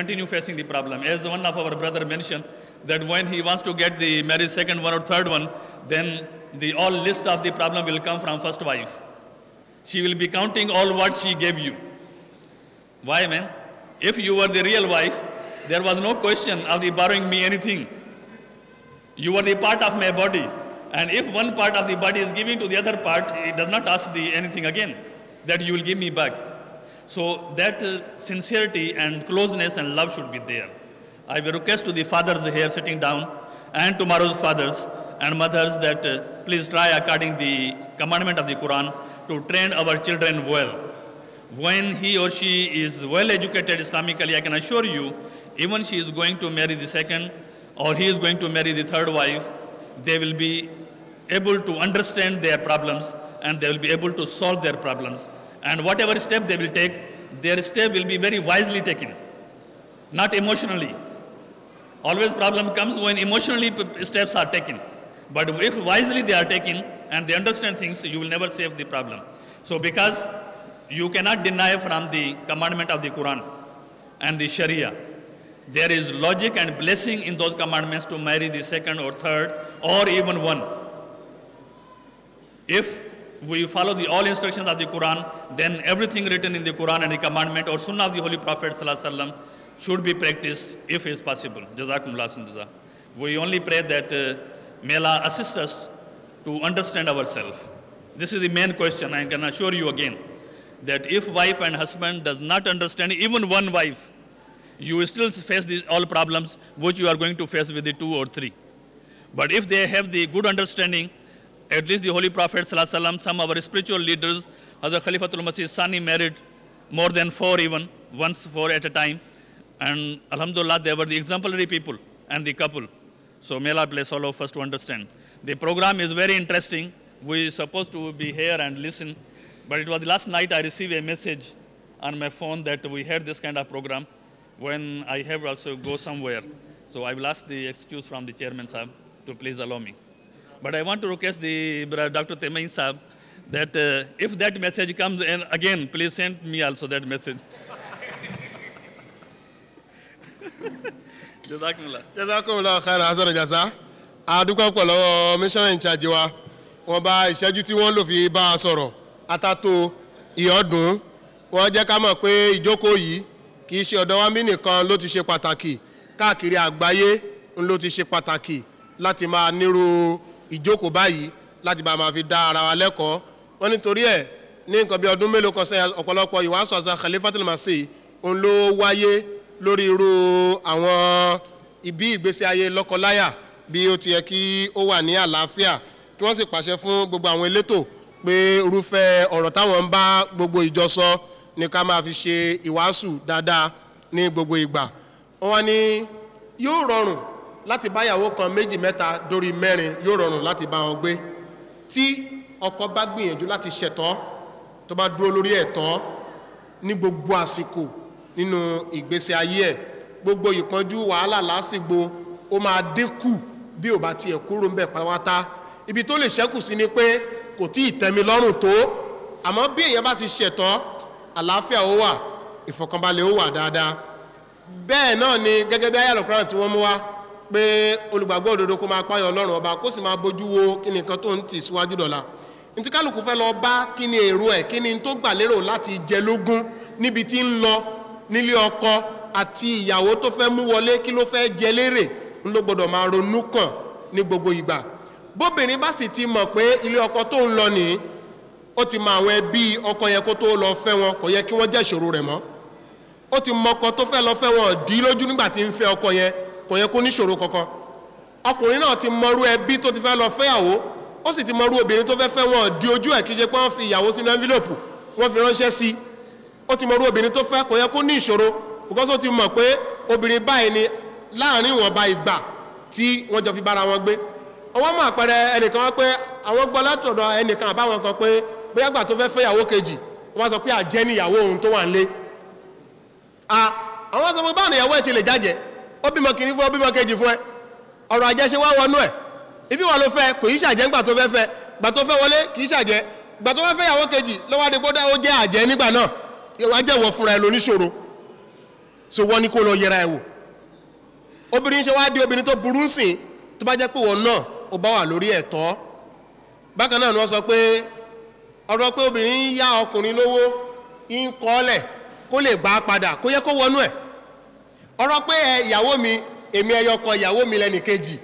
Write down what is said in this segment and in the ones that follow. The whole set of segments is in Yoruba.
continue facing the problem. As one of our brother mentioned, that when he wants to get the married second one or third one, then the all list of the problem will come from first wife. She will be counting all what she gave you. Why, man? If you were the real wife, there was no question of the borrowing me anything. You were the part of my body. And if one part of the body is giving to the other part, it does not ask the anything again that you will give me back. So that uh, sincerity and closeness and love should be there. I will request to the fathers here sitting down and tomorrow's fathers and mothers that uh, please try according the commandment of the Quran to train our children well. When he or she is well educated Islamically, I can assure you, even she is going to marry the second or he is going to marry the third wife, they will be able to understand their problems and they will be able to solve their problems and whatever step they will take, their step will be very wisely taken, not emotionally. Always problem comes when emotionally steps are taken. But if wisely they are taken and they understand things, you will never save the problem. So because you cannot deny from the commandment of the Quran and the Sharia. There is logic and blessing in those commandments to marry the second or third or even one. If we follow the all instructions of the Quran, then everything written in the Quran and the commandment or Sunnah of the Holy Prophet sallam, should be practiced if it's possible. Jazakumullah We only pray that uh, may Allah assist us to understand ourselves. This is the main question. I can assure you again that if wife and husband does not understand even one wife, you still face these all problems which you are going to face with the two or three. But if they have the good understanding at least the Holy Prophet ﷺ, some of our spiritual leaders, Hazrat Khalifatul Masih Sani married more than four even, once four at a time. And Alhamdulillah, they were the exemplary people and the couple. So may Allah bless all of us to understand. The program is very interesting. We are supposed to be here and listen. But it was last night I received a message on my phone that we had this kind of program when I have also go somewhere. So I will ask the excuse from the chairman, sir, to please allow me. But I want to request the Dr. Temain Saab that uh, if that message comes and again, please send me also that message. Jazakumullah. Jazakumullah khairan hasana jaza. A dúpẹ́ mission in charge wa. Wọ́n bá ìṣẹ́jú tí wọ́n lò fi bá a sọ̀rọ̀. Atato ìyọ́dún. Wọ́n jẹ́ ká mọ̀ pé ìjókòó yìí kì í ṣe ọ̀dọ̀ wa mí nìkan ló ti ṣe pàtàkì. Káàkiri àgbáyé ló ti ṣe pàtàkì láti máa nírú ìjókòó báyìí láti bá a máa fi dá ara wa lẹ́kọ̀ọ́ wọ́n nítorí ẹ̀ ní nǹkan bí ọdún mélòó kan sẹ́yìn ọ̀pọ̀lọpọ̀ ìwàásù àti Khalifatul Masih òun ló wáyé lórí irú àwọn ìbí ìgbésí ayé lọ́kọláyà bí ó ti yẹ kí ó wà ní àlàáfíà tí wọ́n sì pàṣẹ fún gbogbo àwọn elétò pé irúfẹ́ ọ̀rọ̀ táwọn ń bá gbogbo ìjọ ni ká máa fi ṣe ìwàásù dáadáa ní gbogbo ìgbà wọ́n wá ní yóò rọrùn láti báyàwó kan méjì mẹ́ta dórí mẹ́rin yóò rọrùn láti bá wọn gbé tí ọkọ bá gbìyànjú láti ṣẹ̀tọ́ tó bá dúró lórí ẹ̀tọ́ ní gbogbo àsìkò nínú ìgbésí ayé ẹ̀ gbogbo ìkanjú wàhálà lásìgbò ó máa dínkù bí ò bá tiẹ̀ kúrò ń bẹ̀ pátá ibi tó lè ṣẹ́kù sí ni pé kò tí ì tẹ́mi lọ́rùn tó àmọ́ bí èèyàn bá ti ṣẹ̀tọ́ àlàáfíà ó wà ìfọ̀kànbalẹ̀ ó wà dáadáa bẹ́ẹ̀ náà ni gẹ́gẹ́ bí ayélujára tí wọ́n mú wá pé olùgbàgbọ́ òdodo kó máa páyọ̀ ọlọ́run ọba kó sì máa bójú wo kí ni nǹkan tó ń tì síwájú dọ̀la ntí kálukú fẹ́ lọ bá kí ni èrò ẹ̀ kí ni tó gbà lérò láti jẹ níbi tí ń lọ nílé ọkọ àti ìyàwó tó fẹ́ mú wọlé kí ló fẹ́ jẹ lérè ń ló máa ronú kàn ní gbogbo ìgbà bóbìnrin bá sì ti mọ̀ pé ilé ọkọ tó ọkọ yẹn kó tó lọ fẹ́ wọn kò yẹ kí wọ́n jẹ́ ìṣòro rẹ̀ ọkọ tó fẹ́ lọ fẹ́ wọn dí kò yẹ kó níṣòro kankan ọkùnrin náà ti mọrú ẹbí tó ti fẹ́ lọ fẹ́yàwó ó sì ti mọrú obìnrin tó fẹ́ fẹ́ wọn di ojú ẹ̀ kí ṣe pé wọ́n fi ìyàwó sínú envelope wọ́n fi ránṣẹ́ sí i ó ti mọrú obìnrin tó fẹ́ kò yẹ kó ní ìṣòro ti mọ̀ pé obìnrin báyìí ni láàrin ìwọ̀nba ìgbà tí wọ́n jọ fi bára wọn gbé àpẹẹrẹ wọn pé àwọn gbọ́ látọ̀dọ̀ ẹnìkan àbáwọn kan pé bóyá gbà tó fẹ́ kejì wọ́n sọ pé àjẹ́ níyàwó òun tó wà ń lé àwọn sọ pé báwọn ìyàwó ó bímọ kìíní fún ẹ ó bímọ kejì fún ẹ ọ̀rọ̀ àjẹṣe wá wọnú ẹ̀ ibi wà ló fẹ́ kò yí ṣàjẹ́ ńgbà tó fẹ́ fẹ́ gbà tó fẹ́ wọlé kì í ṣàjẹ́ gbà tó fẹ́ fẹ́ yàwó kejì lọ́wọ́ adigun dá ó jẹ́ àjẹ́ nígbà náà ìwà jẹ́ wọ fúnra ẹ lóníṣòro so wọ́n ní kó lọ yẹra ẹ wò obìnrin ṣe wáá di obìnrin tó burú sìn tó bá jẹ́ pé wọn náà ó bá wà lórí ẹ̀tọ́ bákan náà ni wọ́n sọ pé ọ̀rọ̀ pé obìnrin yá ọkùnrin lówó ń kọ́ lẹ̀ kó lè gbà á padà kó yẹ kó wọnú ẹ̀ ọ̀rọ̀ pé ẹ ìyàwó mi èmi ẹyọ ọkọ ìyàwó mi lẹ́nì kejì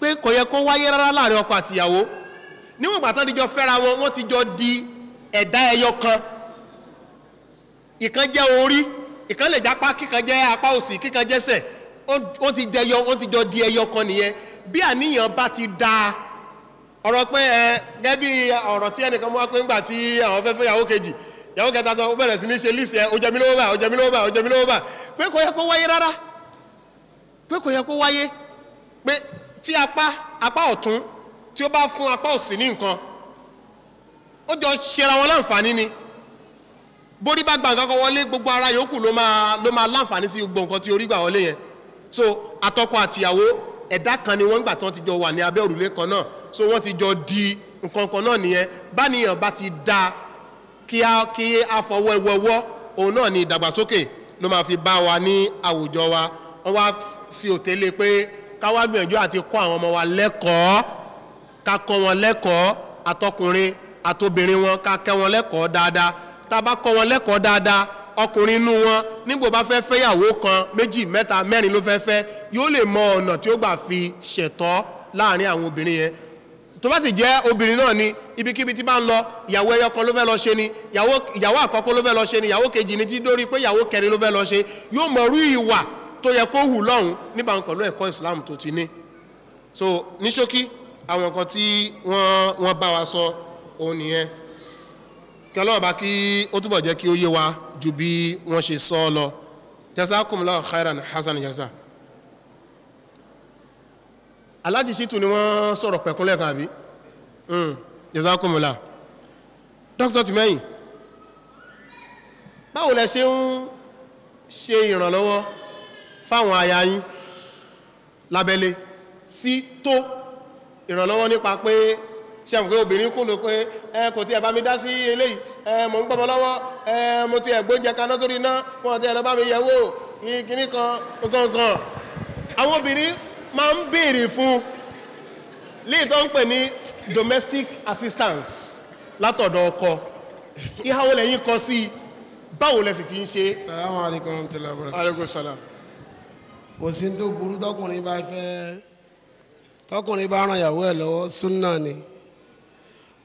pé kò yẹ kó wáyé rárá láàrin ọkọ àtìyàwó níwọ̀n ìgbà tán ti jọ fẹ́ra wọn wọ́n ti jọ di ẹ̀dá ẹyọ kan ìkan jẹ́ orí ìkan lè jápá kíkan jẹ́ apá òsì kíkan jẹ́sẹ̀ ó ti jẹyọ ó ti jọ di ẹyọ kan nìyẹn bí àníyàn bá ti dáa ọ̀rọ̀ pé ẹ gẹ́gẹ́ bí ọ̀rọ̀ tí ẹnìkan mú wá pé ńgbà tí àwọn fẹ́ fẹ́yàwó kejì ìyàwó kẹta tán ó bẹ̀rẹ̀ sí ní ṣe lísì ẹ ó jẹ mí lówó bá ó jẹ mí lówó bá ó jẹ mí lówó bá pé kò yẹ kó wáyé rárá pé kò yẹ kó wáyé pé tí apá apá ọ̀tún tí ó bá fún apá òsì ní nǹkan ó jọ ṣera wọn láǹfààní ni bórí bá gba nǹkan wọlé gbogbo ara yòókù ló máa ló máa láǹfààní sí gbogbo tí orí gbà wọlé yẹn so àtọkọ àtìyàwó ẹ̀dá kan ni wọ́n gbà tán ti jọ wà ní abẹ́ òrùlé kan náà so wọ́n ti jọ di nǹkan kan náà nìyẹn báníyàn bá ti dáa kí a kí a fọwọ́ ẹwọ́wọ́ òun náà ni ìdàgbàsókè ló máa fi bá wa ní àwùjọ wa wọ́n wá fi òtélé pé káwá gbìyànjú àti kọ́ àwọn ọmọ wa lẹ́kọ̀ọ́ ká kọ́ wọn lẹ́kọ̀ọ́ àtọkùnrin àtobìnrin wọn ká kẹ́ wọn lẹ́kọ̀ọ́ dáadáa tá a bá kọ́ wọn lẹ́kọ̀ọ́ dáadáa ọkùnrin inú wọn nígbò bá fẹ́ fẹ́yàwó kan méjì mẹ́ta mẹ́rin ló fẹ́ fẹ́ yóò lè mọ ọ̀nà tí ó gbà fi ṣẹ̀tọ́ láàrin àwọn obìnrin yẹn tó bá sì jẹ́ obìnrin náà ni ibikíbi tí bá ń lọ ìyàwó ẹyọ kan ló fẹ́ lọ ṣe ni ìyàwó àkọ́kọ́ ló fẹ́ lọ ṣe ni ìyàwó kejì ni tí dórí pé ìyàwó kẹrin ló fẹ́ lọ ṣe yóò mọ̀ rú ìwà tó yẹ kó hù lọ́hùn nípa pẹ̀lú ẹ̀kọ́ Islam tó ti ní. so ní ṣókí àwọn nǹkan tí wọ́n bá wa sọ òun nìyẹn kí ọlọ́run bá kí ó túbọ̀ jẹ́ kí ó yé wa ju bí wọ́n ṣe sọ ọ lọ jazakumullahu khairan hasan jaza aláàjì ṣìtù ni wọ́n sọ̀rọ̀ pẹ̀kúnlẹ̀ kan àbí hmm, jazakumula dókítà Tìmẹ́yìn báwo lẹ ṣe ń ṣe ìrànlọ́wọ́ fáwọn aya yín lábẹ́lé sí tó ìrànlọ́wọ́ nípa pé ṣe àmì pé obìnrin kúndùn pé ẹ kò tí ẹ bá mi dá sí eléyìí ẹ mò ń gbọ́mọ lọ́wọ́ ẹ mo ti ẹ̀gbóúnjẹ kaná sórí iná wọn ti ẹ lọ bá mi yẹ̀wò kíní kan kankan àwọn obìnrin máa ń béèrè fún léè tó ń pè ní domestic assistance látọ̀dọ̀ ọkọ ìhàwó lẹ́yìn kọ sí báwo lẹ sì fi ń ṣe. salamu alaykum rahmatulahi wa barakatuh. aleykum salam. kò sí tó burú tọkùnrin bá fẹ́ tọkùnrin bá ràn ìyàwó ẹ̀ lọ́wọ́ súnà ni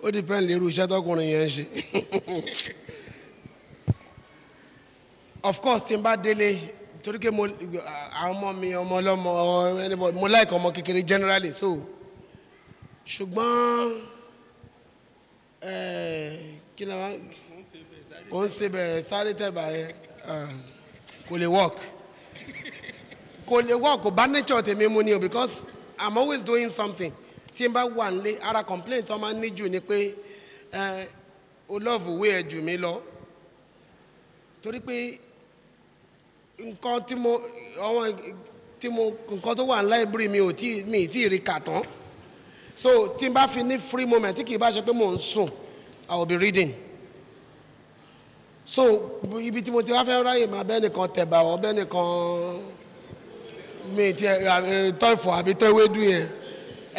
ó dìpẹ́ǹd lérú iṣẹ́ tọkùnrin yẹn ń ṣe of course tí n bá délé torí pé mo àwọn ọmọ mi ọmọ ọlọ́mọ mo like ọmọ kékeré generally so ṣùgbọ́n kí ni wọ́n ò ń ṣe bẹ̀rẹ̀ sáré tẹ̀bà yẹn kò lè work kò lè work kò bá nature tèmi mu ni o because i'm always doing something tí n bá wà nílé ara complaint ọmọ níjù ni pé o love wé ẹ jù mí lọ torí pé nǹkan tí mo àwọn tí mo nǹkan tó wà ní library mi ò tí mi ì tí ì rí kà tán so tí n bá fi ní free moment tí kì í bá ṣe pé mò ń sùn I will be reading so ibi tí mo ti wá fẹ́ ráyè máa bẹ́ẹ̀ nìkan tẹ̀bà ọ̀ bẹ́ẹ̀ nìkan mi ti tọ́ àbí tọ́ yẹn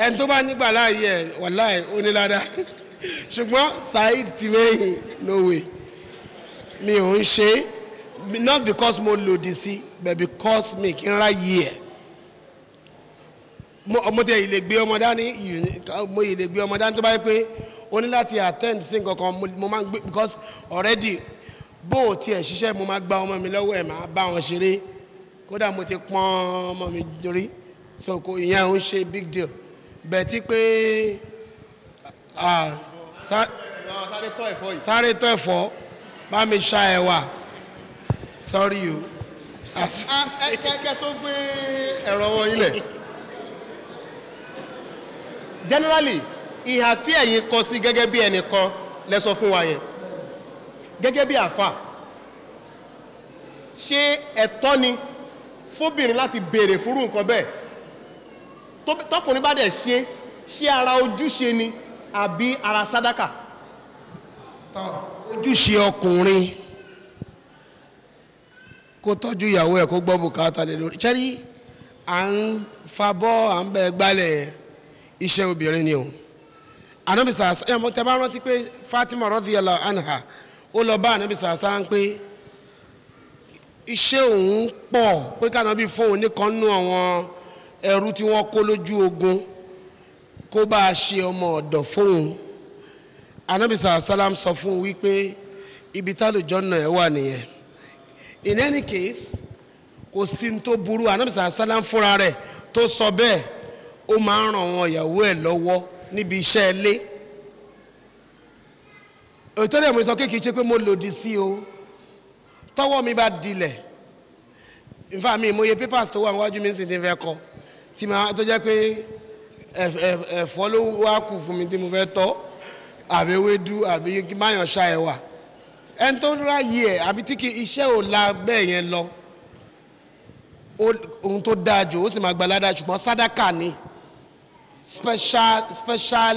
ẹni tó bá nígbà láàyè wàláì onílàdá ṣùgbọ́n Saheed ti mẹ́yìn no way mi ò ń ṣe é not because mo lòdì sí but because mi kì í ráyè ẹ̀ mo tẹ ilé gbé ọmọ dání mo ilé gbé ọmọ dání tó bá yẹ pé o ní láti attend sí nǹkan kan mo máa ń gbé because already bó o tiẹ̀ ṣiṣẹ́ mo máa gba ọmọ mi lọ́wọ́ ẹ̀ máa bá wọn ṣeré kódà mo ti pọ́n ọmọ mi dorí so kò ìyẹn ń ṣe big deal bẹ̀tí pé ah, sáré tọ́ ẹ̀fọ́ bá mi ṣa ẹ̀wà sorry o. Ah, kẹ́kẹ́ tó gbé ẹ̀rọ wọn ilẹ̀. generally ìhà tí ẹ̀yin kọ sí gẹ́gẹ́ bí ẹnìkan lẹ sọ fún wa yẹn gẹ́gẹ́ bí àfà ṣé ẹ̀tọ́ ni fóbìnrin láti béèrè fúrú nǹkan bẹ́ẹ̀ tọkùnrin bá dẹ̀ ṣe ṣé ara ojúṣe ni àbí ara sádákà. ojúṣe ọkùnrin kó tọ́jú ìyàwó ẹ̀ kó gbọ́ bùkátà lè lórí ṣẹ́rí à ń fabọ́ à ń bẹ̀ gbálẹ̀ iṣẹ́ obìnrin ni o anabi sàásà tẹ́ bá rántí pé Fatima radiyallahu anha ó lọ bá anabi sàásà ń pé iṣẹ́ òun pọ̀ pé kánábì fóun nìkan nú àwọn ẹrú tí wọ́n kó lójú ogun kó bá a ṣe ọmọ ọ̀dọ̀ fóun anabi sàásà sọ fún un wípé ibi tálùjọ́ náà ẹ̀ wà nìyẹn in any case kò sí ní tó burú anamisa asalam fúnra rẹ̀ tó sọ bẹ́ẹ̀ ó máa ń ràn wọn ìyàwó ẹ̀ lọ́wọ́ níbi iṣẹ́ ilé ètò ìdààmú sọ kéèkì ṣe pé mo lòdì sí o tọ́wọ́ mi bá dilẹ̀ nfa mi mo ye papers tó wà níwájú mi sì ti fẹ́ kọ tí ma tó jẹ́ pé ẹ̀fọ́ ló wá kù fún mi tí mo fẹ́ tọ́ àbẹ̀wédú àbí máyàn ṣá ẹ̀ wà ẹni tó ń ráyè ẹ̀ àbí tí kì iṣẹ́ ò la bẹ́ẹ̀ yẹn lọ ohun tó dáa jù ó sì máa gba ládàá ṣùgbọ́n sádàkà ni special special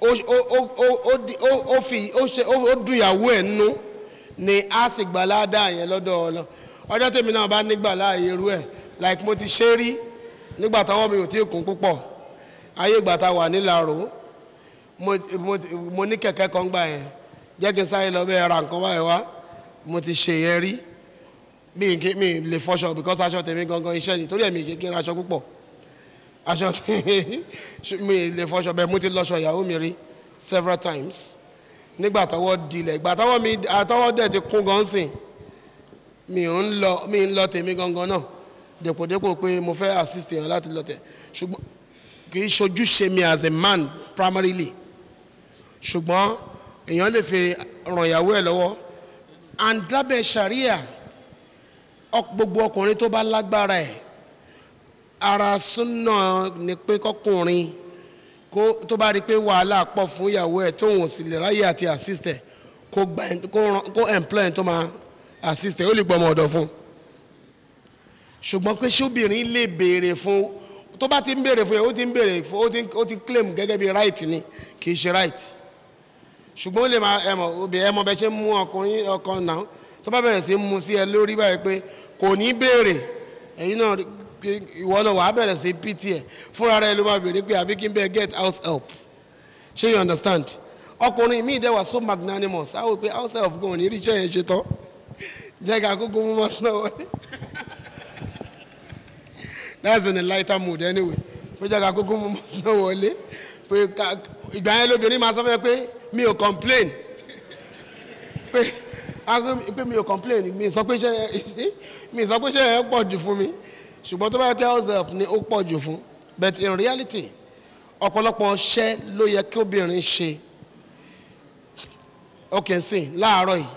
ó fi ó dùnyàwó ẹ̀ nú ni a sì gba ládàá yẹn lọ́dọ̀ ọ̀nà ọjọ́ tèmi náà bá nígbà láàyè irú ẹ̀ like mo ti ṣe rí nígbà táwọn mi ò tí ì kún púpọ̀ ayé ìgbà tá a wà nílàró mo ní kẹ̀kẹ́ kan gbà yẹn jẹ́ kí n sáré lọ bẹ́ẹ̀ ra nǹkan báyìí wá mo ti ṣe yẹn rí mi kì mi lè fọṣọ because aṣọ tèmi gangan iṣẹ́ ni torí ẹ̀mí kékeré aṣọ púpọ̀ aṣọ mi lè fọṣọ bẹ́ẹ̀ mo ti lọ́ṣọ ìyàwó mi rí several times nígbà tọwọ́ dilẹ̀ ìgbà tọwọ́ mi àtọwọ́ dẹ̀ ti kún gan sìn mi ò ń lọ mi ń lọ tèmi gangan náà dèpòdépò pé mo fẹ́ assist èèyàn láti lọ tẹ̀ ṣùgbọ́n kì í ṣojúṣe mi as a man primarily ṣùgbọ́n èèyàn lè fi ràn ìyàwó ẹ lọ́wọ́ and lábẹ́ sharia gbogbo ọkùnrin tó bá lágbára ẹ̀ ara súnà ni pé kọkùnrin kó tó bá rí pé wàhálà pọ̀ fún ìyàwó ẹ̀ tóun sì lè ráyè àti assist ẹ̀ kó gba kó employ tó máa assist ẹ̀ ó lè gbọ́ ọmọ ọ̀dọ̀ fún un ṣùgbọ́n pé ṣóbìnrin lè béèrè fún tó bá ti ń béèrè fún yẹn ó ti ń béèrè fún ó ti ń claim gẹ́gẹ́ bí right ni kì í ṣe right. ṣùgbọ́n ó lè máa ẹmọ obì ẹmọ bẹ ṣe mú ọkùnrin ọkàn náà tó bá bẹ̀rẹ̀ sí mú sí ẹ lórí báyìí pé kò ní béèrè ẹ̀yin náà ìwọ náà wàá bẹ̀rẹ̀ sí pta fúnra rẹ ló máa béèrè pé àbí kí n bẹ get house help ṣé you understand ọkùnrin mi dẹ̀ wà so magnanimous á wò pé house help kò ní rí iṣẹ́ yẹn ṣe tán jẹ́ ká kókó mú mọ́ sínú wọlé that's in a lighter mood anyway pé jẹ́ ká kókó mú mọ́ sínú wọlé pé ìgbà yẹn lóbìnrin máa sọ fún mi pé mi ò complain pé pé mi ò complain mi sọ pé iṣẹ́ mi sọ pé iṣẹ́ yẹn pọ̀ jù fún mi ṣùgbọ́n tó bá yẹ pé house help ni ó pọ̀ jù fún but in reality ọ̀pọ̀lọpọ̀ ṣẹ́ ló yẹ kí obìnrin ṣe ok nsìn láàárọ̀ yìí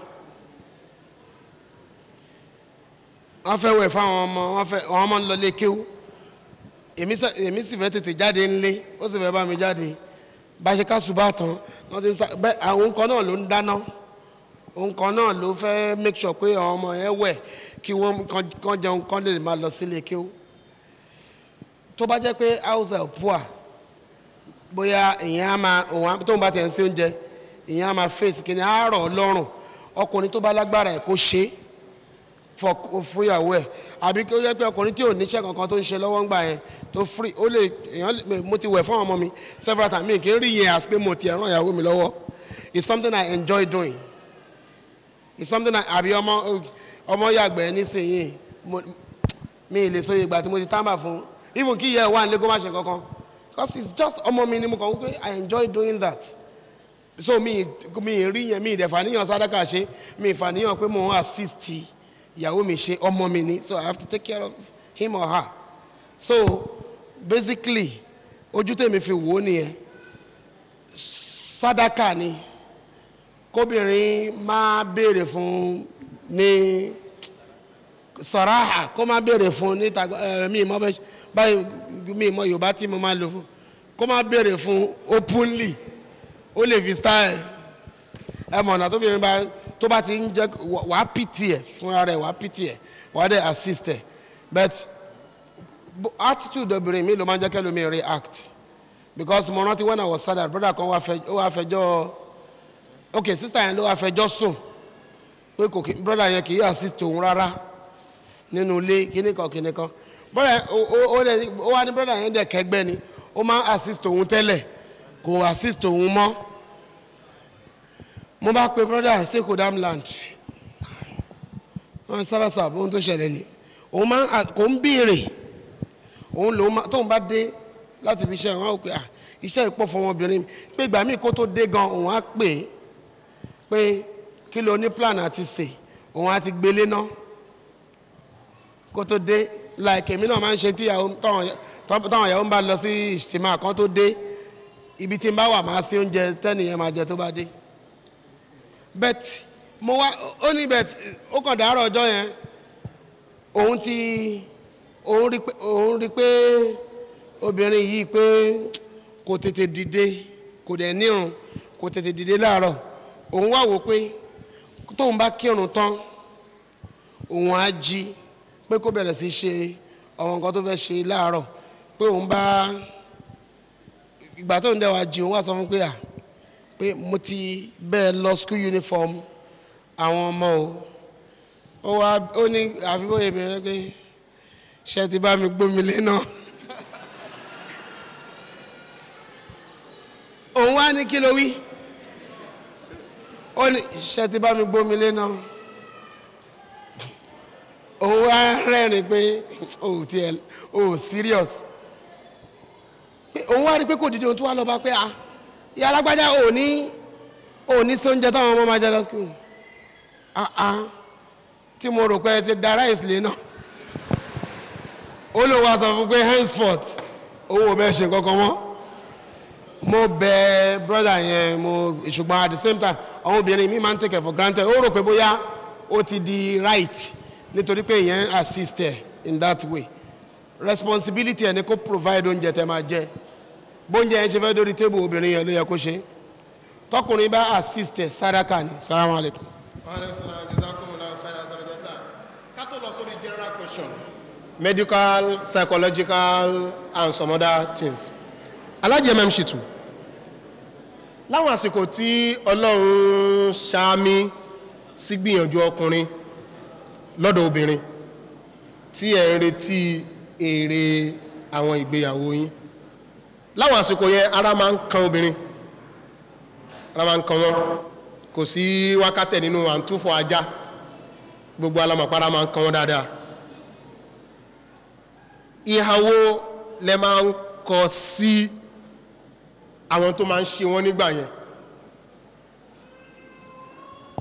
wọ́n fẹ́ wẹ̀ fáwọn ọmọ wọ́n fẹ́ àwọn ọmọ ń lọ lé kéwú èmi sì fẹ́ tètè jáde ńlé ó sì fẹ́ bá mi jáde bá ṣe ká ṣùgbọ́n tán wọ́n ti ń sá bẹ́ẹ̀ àwọn nǹkan náà ló ń dáná nǹkan náà ló fẹ́ make sure pé àwọn ọmọ yẹn wẹ̀ kí wọ́n kàn jẹun kàn lè máa lọ sílé kí ó tó bá jẹ́ pé house help poor bóyá ìyẹn á máa òun tó ń bá tẹ̀ ń sí oúnjẹ ìyẹn á máa face kí ni á rọ̀ lọ́rùn ọkùnrin tó bá lágbára ẹ̀ kó ṣe fúyàwó ẹ̀ àbí kí ó jẹ́ pé ọkùnrin tí ò níṣẹ́ kankan tó ń ṣe lọ́wọ́ ń yẹn tó free ó lè èèyàn mo ti wẹ̀ fún ọmọ mi several times mi kì í rí yẹn as pé mo ti ẹ̀ràn ìyàwó mi lọ́wọ́ it's something I enjoy doing it's something I àbí ọmọ ọmọ yàgbẹ́ nísìnyìí mi ì lè sọ ìgbà tí mo ti tábà fún even kí ìyá ẹ̀ wà nílé kó má ṣe kankan because it's just ọmọ mi ni mo kàn wípé I enjoy doing that so mi mi rí yẹn mi ìdẹ̀fà níyàn sádàkà ṣe mi ìfà níyàn pé mo ń assist ìyàwó mi ṣe ọmọ mi ni so I have to take care of him or her so basically ojú tèmi fi wò ó nìyẹn sádàkà ni kóbìnrin máa béèrè fún ní sọ̀ráhà kó máa béèrè fún ní ta mi mọ báyìí mi mọ yorùbá tí mo máa lò fún kó máa béèrè fún openly ó lè fi style ẹ mọ̀ ọ̀nà tóbìnrin bá tó bá ti ń jẹ́ wàá pìtì ẹ̀ fúnra rẹ̀ wàá pìtì ẹ̀ wàá dẹ̀ assist ẹ̀ but attitude obìnrin mi ló máa ń jẹ́ kẹ́lómi react because mo rántí when I was sad that brother kan wá fẹjọ́ ok sister yẹn ló wá fẹjọ́ sùn pé kò kí brother yẹn kì í assist tòun rárá nínú ilé kíní kan kíní kan brother o wá ní brother yẹn dẹ̀ kẹgbẹ́ ni o máa ń assist tòun tẹ́lẹ̀ kò assist tòun mọ́ mo bá pe brother seko dam land wọn sára sábà ohun tó ṣẹlẹ̀ ni òun máa kò ń béèrè òun lòun máa tóun bá dé láti fi iṣẹ́ wọn á pè à ah, iṣẹ́ ìpọ̀ fún ọmọbìnrin mi pé ìgbà míì kó tó dé gan òun á pè é pé kí ló ní plan àti sè òun á ti gbélé e ná kó tó dé láìkè mí náà máa ń ṣe tíyàwó táwọn ìyàwó ń bá lọ sí ìṣìmọ̀ àkán tó dé ibi tí n bá wà máa ṣe oúnjẹ tẹ́nìyẹn máa jẹ tó bá dé bet mo wá ó ní bet ó kàn dàárọ̀ ọjọ́ yẹn òun ti òun rí pé obìnrin yìí pé kò tètè dìde kò dẹ̀ nírun kò tètè dìde láàárọ̀ òun wá wò pé tóun bá kírun tán òun á jí pé kó bẹ̀rẹ̀ sí ṣe àwọn nǹkan tó fẹ́ ṣe láàárọ̀ pé òun bá ìgbà tóun dẹ̀ wá òun wá sọ fún pé à pé mo ti bẹ́ẹ̀ lọ school uniform àwọn ọmọ o ó ní àfi bóyá ìbẹ̀rẹ̀ pé ṣe ti bá mi gbómi lé náà. òun wá ní kí ló wí ó ní ṣe ti bá mi gbómi lé náà òun wá rẹ́rìn pé o ò tiẹ̀ o ò serious pé òun wá rí pé kò dìde ohun tó wá lọ bá pé a ah, ìyá alágbájá ò ní ò ní sóúnjẹ táwọn ọmọ máa jẹ lọ school ah, ah, tí mo rò pé ẹ ti da rice náà olówó aṣọ fún pé henceforth owó bẹ́ẹ̀ ṣe kankan mọ́ mo bẹ broda yẹn mo ṣùgbọ́n at the same time àwọn obìnrin mi máa ń take it for granted ó rò pé bóyá ó ti di right nítorí pé ìyẹn assist ẹ in that way responsibility ẹ ni kó provide oúnjẹ tẹ máa jẹ bóúnjẹ yẹn ṣe fẹ́ dórí tébù obìnrin yẹn ló yẹ kó ṣe tọkùnrin bá assist ẹ sadaka ni salamu alaykum. wa alaykum salaam jazakumullahu khairan sanadosa ká tó lọ sórí general question medical psychological and some other things alájẹ mm shitu láwọn àsìkò tí ọlọ́run ṣáámi sí gbìyànjú ọkùnrin lọ́dọ̀ obìnrin tí ẹ̀ ń retí èrè àwọn ìgbéyàwó yín láwọn àsìkò yẹn ara máa ń kan obìnrin ara máa ń kan wọn kò sí wákàtẹ̀ nínú àǹtúfọ̀ ajá gbogbo alamọ̀pára máa ń kan wọn dáadáa ìhàwó lẹ máa ń kọ sí àwọn tó máa ń ṣe wọ́n nígbà yẹn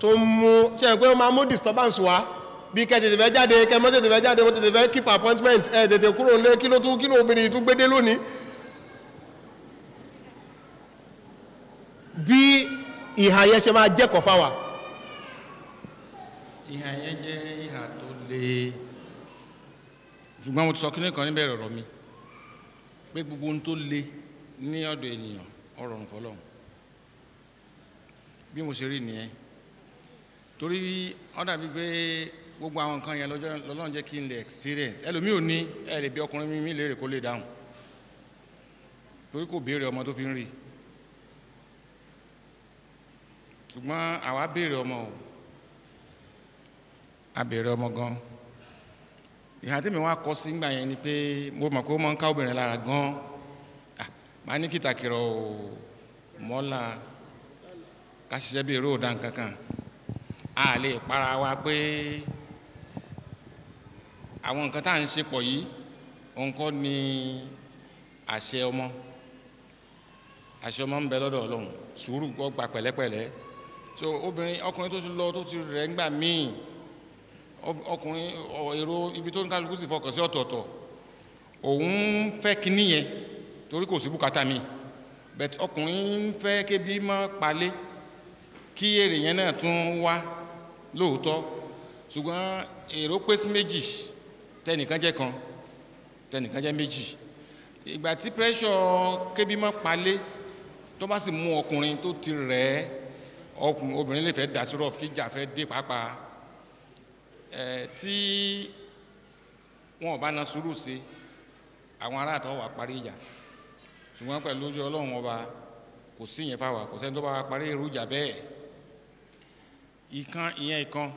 tó mú ṣe pé ó máa mú disturbance wá bí kẹ tètè fẹ́ jáde kẹ mọ́ tètè fẹ́ jáde mọ́ tètè fẹ́ keep appointment ẹ tètè kúrò nílé kí ló tún kí ló obìnrin tún gbédé lónìí bí ìhà yẹn ṣe máa jẹ́kọ̀ọ́ fáwa. ìhà yẹn jẹ́ ìhà tó le ṣùgbọ́n mo ti sọ kíní kan níbẹ̀rẹ̀ ọ̀rọ̀ mi pé gbogbo ohun tó le ní ọ̀dọ̀ ènìyàn ọ̀rọ̀ ọ̀rùn fọlọ́run bí mo ṣe rí nìyẹn torí ó dàbí pé gbogbo àwọn nǹkan yẹn lọ́lọ́run jẹ́ kí n lè experience ẹlòmíì ò ní ẹ lè bí ọkùnrin mi mi léèrè kó lè dáhùn torí kò béèrè ọmọ tó fi ń rí ṣùgbọ́n àwa béèrè ọmọ o a béèrè ọmọ gan-an ìhà tèmi wá kọ sí ngbà yẹn ni pé mo mọ̀ pé ó máa ń ká obìnrin lára gan-an màá ní kìtàkìrọ̀ ò mọ́là ká ṣiṣẹ́ bí eré òdà kankan a lè para wa pé àwọn nǹkan tá à ń ṣe pọ̀ yìí nǹkan ni àṣẹ ọmọ àṣẹ ọmọ ń bẹ lọ́dọ̀ ọlọ́run sùúrù gbọ́ gba pẹ̀lẹ́pẹ̀lẹ́ so obìnrin ọkùnrin tó ti lọ tó ti rẹ̀ ń gbà míì ọkùnrin èrò ibi tó ń kálukú sì fọkàn sí ọ̀tọ̀ọ̀tọ̀ òun fẹ́ kinní yẹn torí kò sí bùkátà mi bẹ̀t ọkùnrin fẹ́ kébi mọ́ palẹ̀ kí èrè yẹn náà tún wá lóòótọ́ ṣùgbọ́n èrò pé sí méjì tẹnìkan jẹ́ kan tẹnìkan jẹ́ méjì ìgbà tí pẹ́ṣọ̀ kébi mọ́ palẹ̀ tó bá sì mú ọkùnrin tó ti rẹ̀ ẹ́ obìnrin lè fẹ́ dà kí ìjà fẹ́ dé pàápàá ẹ tí wọn ò bá na sùúrù sí àwọn aráàtọ̀ wà parí ìjà ṣùgbọ́n pẹ̀lú ojú ọlọ́run ọba kò sí yẹn fáwa kò sẹ́ni tó bá wa parí irú ìjà bẹ́ẹ̀ ìkan ìyẹn ìkan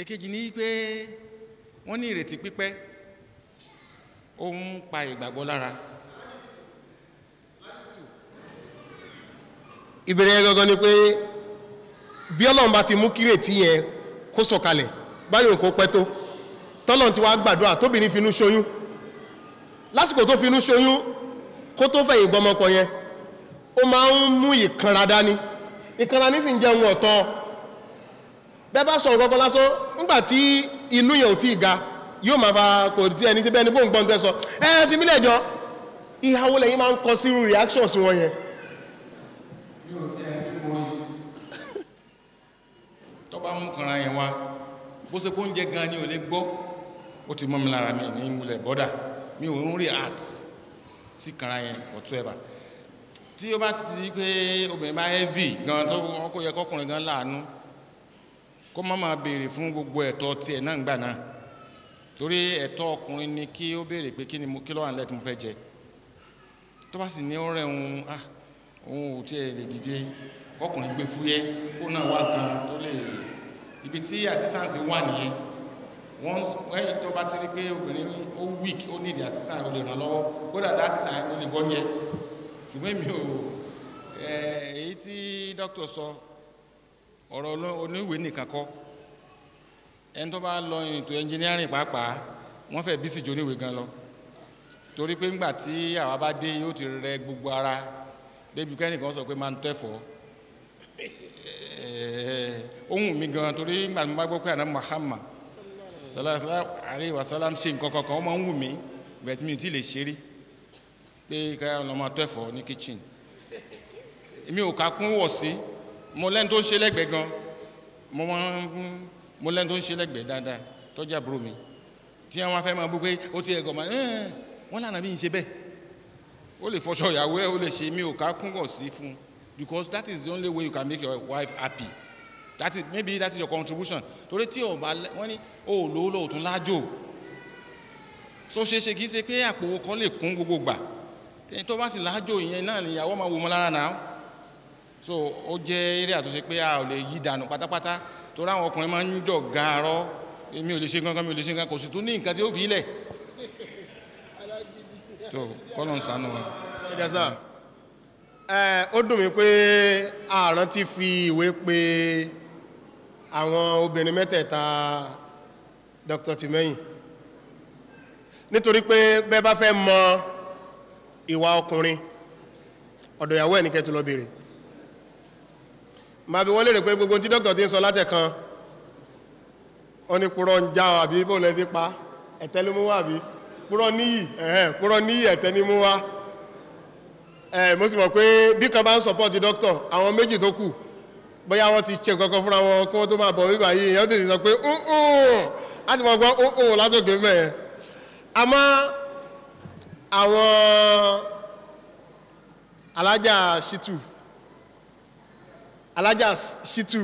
èkejì ni pé wọ́n ní ìrètí pípẹ́ ó ń pa ìgbàgbọ́ lára. ìbéèrè yẹn gangan ni pé bí ọlọ́run bá ti mú kírètí yẹn kó sọ̀kalẹ̀ báyìí kó pẹ́ tó tọ́lọ̀ tí wàá gbàdúrà tóbìnrin finú ṣoyún lásìkò tó finú ṣoyún kó tó fẹ̀yìn gbọmọkọ yẹn ó máa ń mú ìkanra dání ìkanra ní sì ń jẹun ọ̀tọ́ bẹ́ẹ̀ bá sọ̀rọ̀ lásán nígbà tí ga yóò máa fa kò tí ẹni tí bẹ́ẹ̀ ni bóun gbọ́n tẹ́ sọ ẹ fi mílẹ̀ kọ sírú reactions wọn yẹn bá mú kanra yẹn wá bó ṣe kó ń jẹ gan ni ò lè gbọ́ ó ti mọ́ mi lára mi ní ìmúlẹ̀ bọ́dà mi ò ń react sí kanra yẹn whatsoever tí ó bá sì ti di pé obìnrin bá heavy gan tó wọn kó yẹ kọkùnrin gan láàánú kó má máa béèrè fún gbogbo ẹ̀tọ́ tiẹ̀ náà ńgbà náà torí ẹ̀tọ́ ọkùnrin ni kí ó béèrè pé kí ni mo kí lọ́wọ́ àlẹ́ tí mo fẹ́ jẹ tó bá sì ní ó rẹ̀ ah òun ò tiẹ̀ lè dìde kọkùnrin gbé fúyẹ́ kó náà wá kan tó lè ibi tí assistance wà nìyẹn once when tó bá ti rí pé obìnrin ó weak ó need assistance ó lè ràn lọ́wọ́ kódà that time ó lè bọ́ yẹn ṣùgbọ́n èmi ò èyí tí doctor sọ ọ̀rọ̀ oníwèé nìkan kọ́ ẹni tó bá lọ ètò engineering pàápàá wọ́n fẹ́ bí sì jó níwèé gan lọ torí pé ńgbà tí àwa bá dé yóò ti rẹ gbogbo ara débi kẹ́nìkan sọ pé máa ń tẹ́fọ̀ọ́ Eh, ohun mi gan torí màmá gbọ́ pé àná Muhammad sallallahu alayhi wa sallam ṣe nǹkan kankan ó máa ń wù mí bẹ̀tí mi ò tí lè ṣe rí pé káyọ̀ lọ́mọ tó ẹ̀fọ́ ní kitchen mi ò kà kún wọ̀ sí mo lẹ́nu tó ń ṣe lẹ́gbẹ̀ẹ́ gan mo máa ń mo lẹ́nu tó ń ṣe lẹ́gbẹ̀ẹ́ dáadáa tọ́jà bro mi tí wọ́n fẹ́ máa bú pé ó ti ẹ̀gọ́ máa eh, wọ́n lànà bí n ṣe bẹ́ẹ̀ ó lè fọṣọ ìyàwó ẹ̀ ó lè ṣe mi ò kà kún wọ̀ sí fún un because that is the only way you can make your wife happy that is maybe that is your contribution torí tí o bá wọ́n ní o ò lówó lọ́wọ́ tó lájò so ṣe ṣe kì í ṣe pé àpò owó kan lè kún gbogbo gbà tó bá sì lájò ìyẹn náà nìyàwó máa wò mọ́ lára náà so ó jẹ́ eré àtúnṣe pé a ò lè yí dànù pátápátá torí àwọn ọkùnrin máa ń jọ gaarọ́ èmi ò lè ṣe kankan mi ò lè ṣe kankan kò sì tún ní nǹkan tí ó fi í tó kọ́nà ń sànù wa ó dùn mí pé ààrán ti fi ìwé pe àwọn obìnrin mẹ́tẹ̀ẹ̀ta Dr. Tìmẹ́yìn nítorí pé bẹ́ẹ̀ bá fẹ́ mọ ìwà ọkùnrin ọ̀dọ̀ ìyàwó ẹ̀ ní kẹ́tù lọ bèrè màá bí wọ́n lérè pé gbogbo tí dókítà ti ń sọ látẹ̀kan ó ní purọ́ ń já àbí bóun ẹ ti pa ẹ̀tẹ́ ló mú wá àbí purọ́ níyì ẹ̀hẹ́n purọ́ níyì ẹ̀tẹ́ ni mú wá ẹ eh, mo sì mọ̀ pé bí kan bá ń support doctor àwọn méjì tó kù bóyá wọ́n ti ṣe kankan fúnra wọn kó tó máa bọ̀ wíwá yìí èèyàn tètè sọ pé á ti mọ̀ gbọ́ látòkè mẹ́ẹ̀ àmọ́ àwọn alájà ṣìtù alájà ṣìtù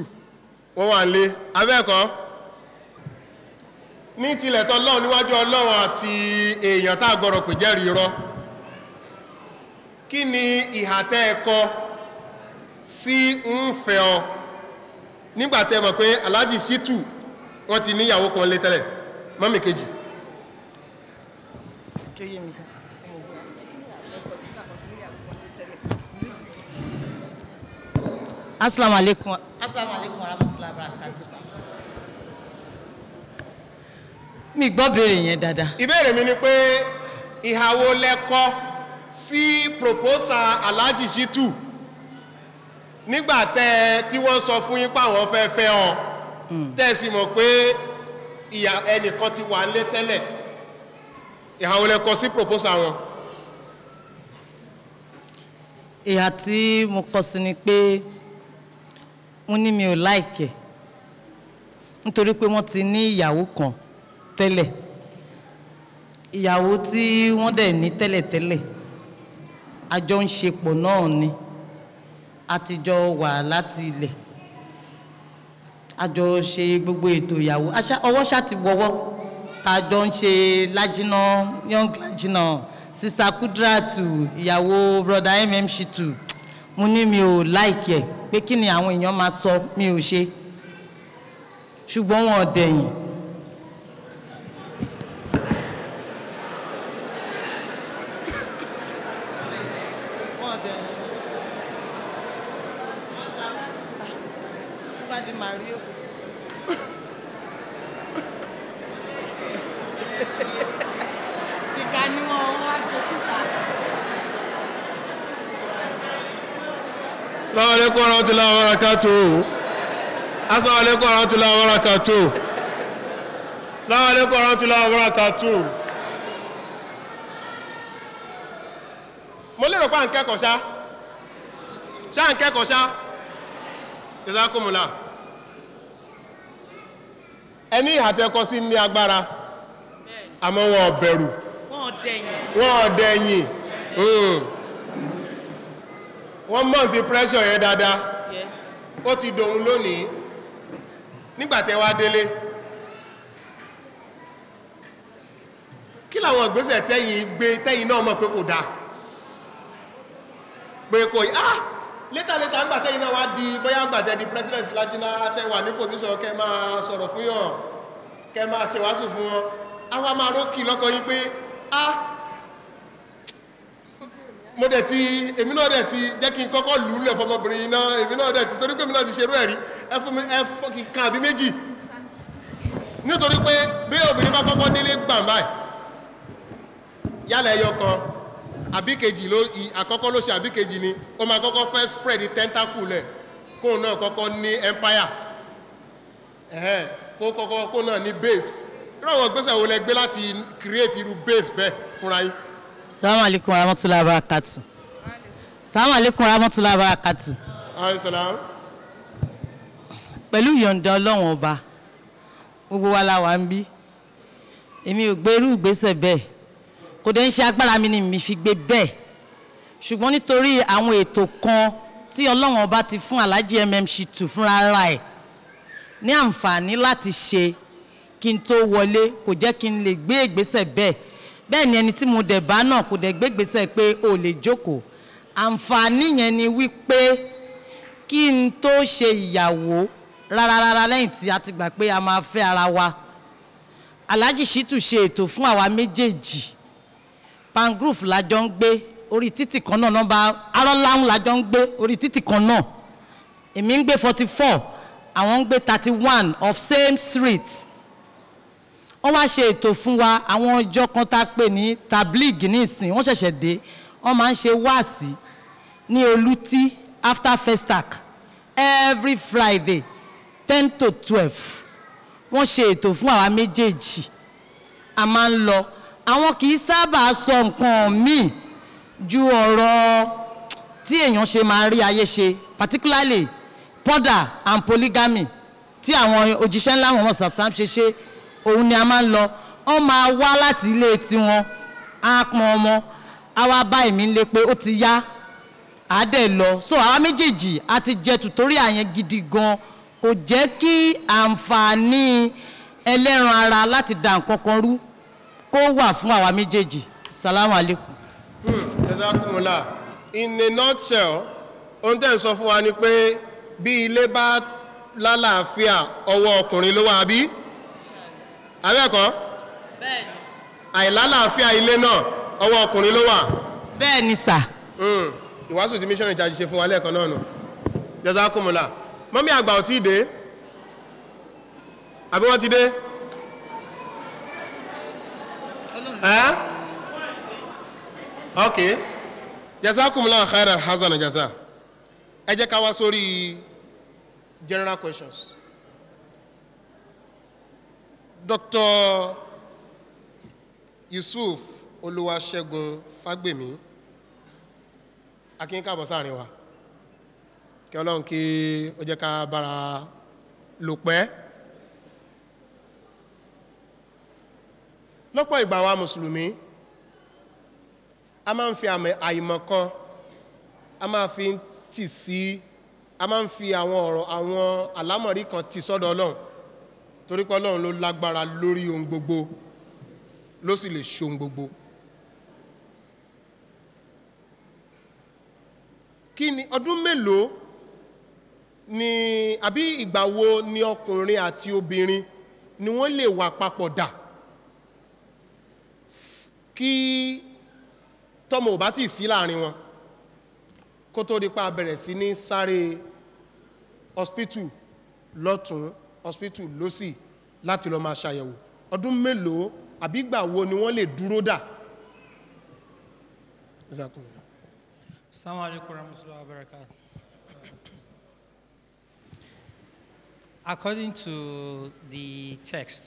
wọ́n wà lé abẹ́ẹ̀kọ́ ní tilẹ̀ tọ́lọ́run níwájú ọlọ́run àti èèyàn tá a gbọ́dọ̀ pè jẹ́rìí irọ́. kí ni ìhà tẹ́ ẹ kọ sí ń ọ nígbà tẹ́ pé aláàjì ṣítù wọ́n ti níyàwó kan lé tẹ́lẹ̀ mọ́mì kejì. asalaamu aleykum asalaamu aleykum mi gbọ́ béèrè yẹn dáadáa. ìbéèrè mi ni pé ìhà sí si proposal Alhaji Shitu nígbà tẹ tí wọ́n sọ fún yín páwọn fẹ́ fẹ́ ọ hmm. tẹ̀sí mọ̀ pé ìyá ẹnìkan ti wà lé tẹ́lẹ̀ ìhàwọ̀ lẹ kọ sí proposal wọn. ìhà tí mo kọ sí ni pé wọ́n ní mi ò láìkẹ̀ nítorí pé wọ́n ti ní ìyàwó kan tẹ́lẹ̀ ìyàwó tí wọ́n dẹ̀ ní tẹ́lẹ̀tẹ́lẹ̀. Tẹ́lẹ̀ àjọ ń ṣepọ̀ náà ni àtijọ́ wà láti ilẹ̀ àjọ ṣe gbogbo ètò ìyàwó ọwọ́ ṣáàtì wọ́wọ́ tàjọ ń ṣe lájínà young lájínà sista kudratu ìyàwó broda mm shitu mo ní mi ò láìkẹ pé kí ni àwọn èèyàn máa sọ mi ò ṣe ṣùgbọ́n wọn ò dẹ̀yìn wabarakatuh assalamu alaikum warahmatullahi wabarakatuh assalamu alaikum warahmatullahi wabarakatuh mo lérò pa ń kẹ́kọ̀ọ́ ṣá ṣá ń kẹ́kọ̀ọ́ Eni ìzákùmùlà ẹni ìhàtẹ́kọ́ sí ní agbára àmọ́ wọn ò bẹ̀rù wọn ò dẹ̀yìn hmm. wọ́n ti pressure ó ti dòun lónìí nígbàtẹ́ wá délé kí làwọn ìgbésẹ̀ tẹ́yìn gbé tẹ́yìn náà mọ̀ pé kò dáa pé kò yí ah létà létà ń wá di bóyá ń di president lajina tẹ́wà ní position kẹ máa sọ̀rọ̀ fún yàn kẹ máa ṣèwásù fún wọn a máa rókì lọ́kọ̀ mo dẹ̀ ti èmi náà dẹ̀ ti jẹ́ kí n kọ́kọ́ lù ú lẹ̀ fọmọbìnrin iná èmi náà dẹ̀ ti torí pé èmi náà ti ṣerú ẹ̀rí ẹ fún mi ẹ fọ́kì kan àbí méjì nítorí pé bí obìnrin bá kọ́kọ́ délé gbàm báyìí yálà ẹyọ kan àbí kejì ló àkọ́kọ́ ló ṣe àbí kejì ni ó máa kọ́kọ́ fẹ́ spread tentacle lẹ̀ kóun náà kọ́kọ́ ní empire ẹ̀hẹ́n kó kọ́kọ́ kóun náà ní base wo lẹ gbé láti create irú base bẹ́ẹ̀ fúnra salamu alaikum warahmatullahi wabarakatuh salamu alaikum warahmatullahi wabarakatuh. alayisalaam. pẹ̀lú yọ̀ǹda ọlọ́run ọba gbogbo wa la wà ń bí èmi ò gbé irú ìgbésẹ̀ bẹ́ẹ̀ kò dé ń ṣe agbára mi ni mi fi gbé bẹ́ẹ̀ ṣùgbọ́n nítorí àwọn ètò kan tí ọlọ́run ọba ti fún alhaji mm shitu fúnra ara ẹ̀ ní àǹfààní láti ṣe kí n tó wọlé kò jẹ́ kí n lè gbé ìgbésẹ̀ bẹ́ẹ̀ bẹ́ẹ̀ ni ẹni tí mo dẹ̀ bá náà kò dẹ̀ gbégbèsè pé o lè jókòó àǹfààní yẹn ni wípé kí n tó ṣe ìyàwó rárára lẹ́yìn tí a ti gbà pé a máa fẹ́ ara wa Alhaji Shitu ṣe ètò fún àwa méjèèjì Pangrove lájọ ń gbé orí títì kan náà nọ́mbà arọ́láhùn lájọ ń gbé orí títì kan náà èmi ń gbé forty four àwọn ń gbé thirty one of same street wọ́n wá ṣe ètò fún wa àwọn ọjọ́ kan tá a pè ní tablig nísìn wọ́n ṣẹ̀ṣẹ̀ dé wọ́n máa ń ṣe wáàsí ní olùtí after festac every friday ten to twelve wọ́n ṣe ètò fún àwa méjèèjì a máa ń lọ àwọn kì í sábà sọ nǹkan míì ju ọ̀rọ̀ tí èèyàn ṣe máa rí ayé ṣe particularly powder and polygamy tí àwọn òjíṣẹ́ ńlá Muhammad sàṣàm ṣe ṣe òun ni a máa ń lọ wọ́n máa wá láti ilé tiwọn á pọn ọmọ á wá bá èmi lé pé ó ti yá á dẹ̀ lọ so àwa méjèèjì a ti jẹ tutorial yẹn gidi gan kò jẹ́ kí àǹfààní ẹlẹ́ran ara láti dà nǹkan kan rú kó wà fún àwa méjèèjì salamu alaykum. jazakumula hmm, in a nutshell ohun tẹ́ ń sọ fún wa ni pé bí ilé bá lálàáfíà ọwọ́ ọkùnrin ló wà bí abẹ́ẹ̀kọ́ bẹ́ẹ̀ni àìlálàáfíà ilé náà ọwọ́ ọkùnrin ló wà. bẹ́ẹ̀ni sà. Hmm. ìwàásù tí mission ìjàjì ṣe fún wa lẹ́ẹ̀kan náà nù jazakumula mọ́mí àgbà ò tí ì dé àbí wọ́n ti dé. ẹ́ ok jazakumula khairan hazana jaza ẹ jẹ́ ká wá sórí general questions. Dr. Yusuf Olúwaṣẹ́gun Fágbèmí akínkàbọ̀ sáàrin wa kí ọlọ́run kí ó jẹ́ ká bára lò pẹ́ lọ́pọ̀ wa mùsùlùmí a máa ń fi àmì àìmọ̀ kan a máa fi tì sí a máa ń fi àwọn ọ̀rọ̀ àwọn àlámọ̀rí kan tì sọ́dọ̀ ọlọ́run torí pé ọlọ́run ló lágbára lórí ohun gbogbo ló sì lè ṣe ohun gbogbo. kí ni ọdún mélòó ni àbí ìgbà wo ni ọkùnrin àti obìnrin ni wọ́n lè wà papọ̀ dà kí tọmọ ò bá tì sí láàrin wọn kó tó di pa bẹ̀rẹ̀ sí ní sáré hospital lọ́tún hospital lọ́sì láti lọ máa ṣàyẹ̀wò ọdún mélòó àbígbà wo ni wọ́n lè dúró dà According to the text,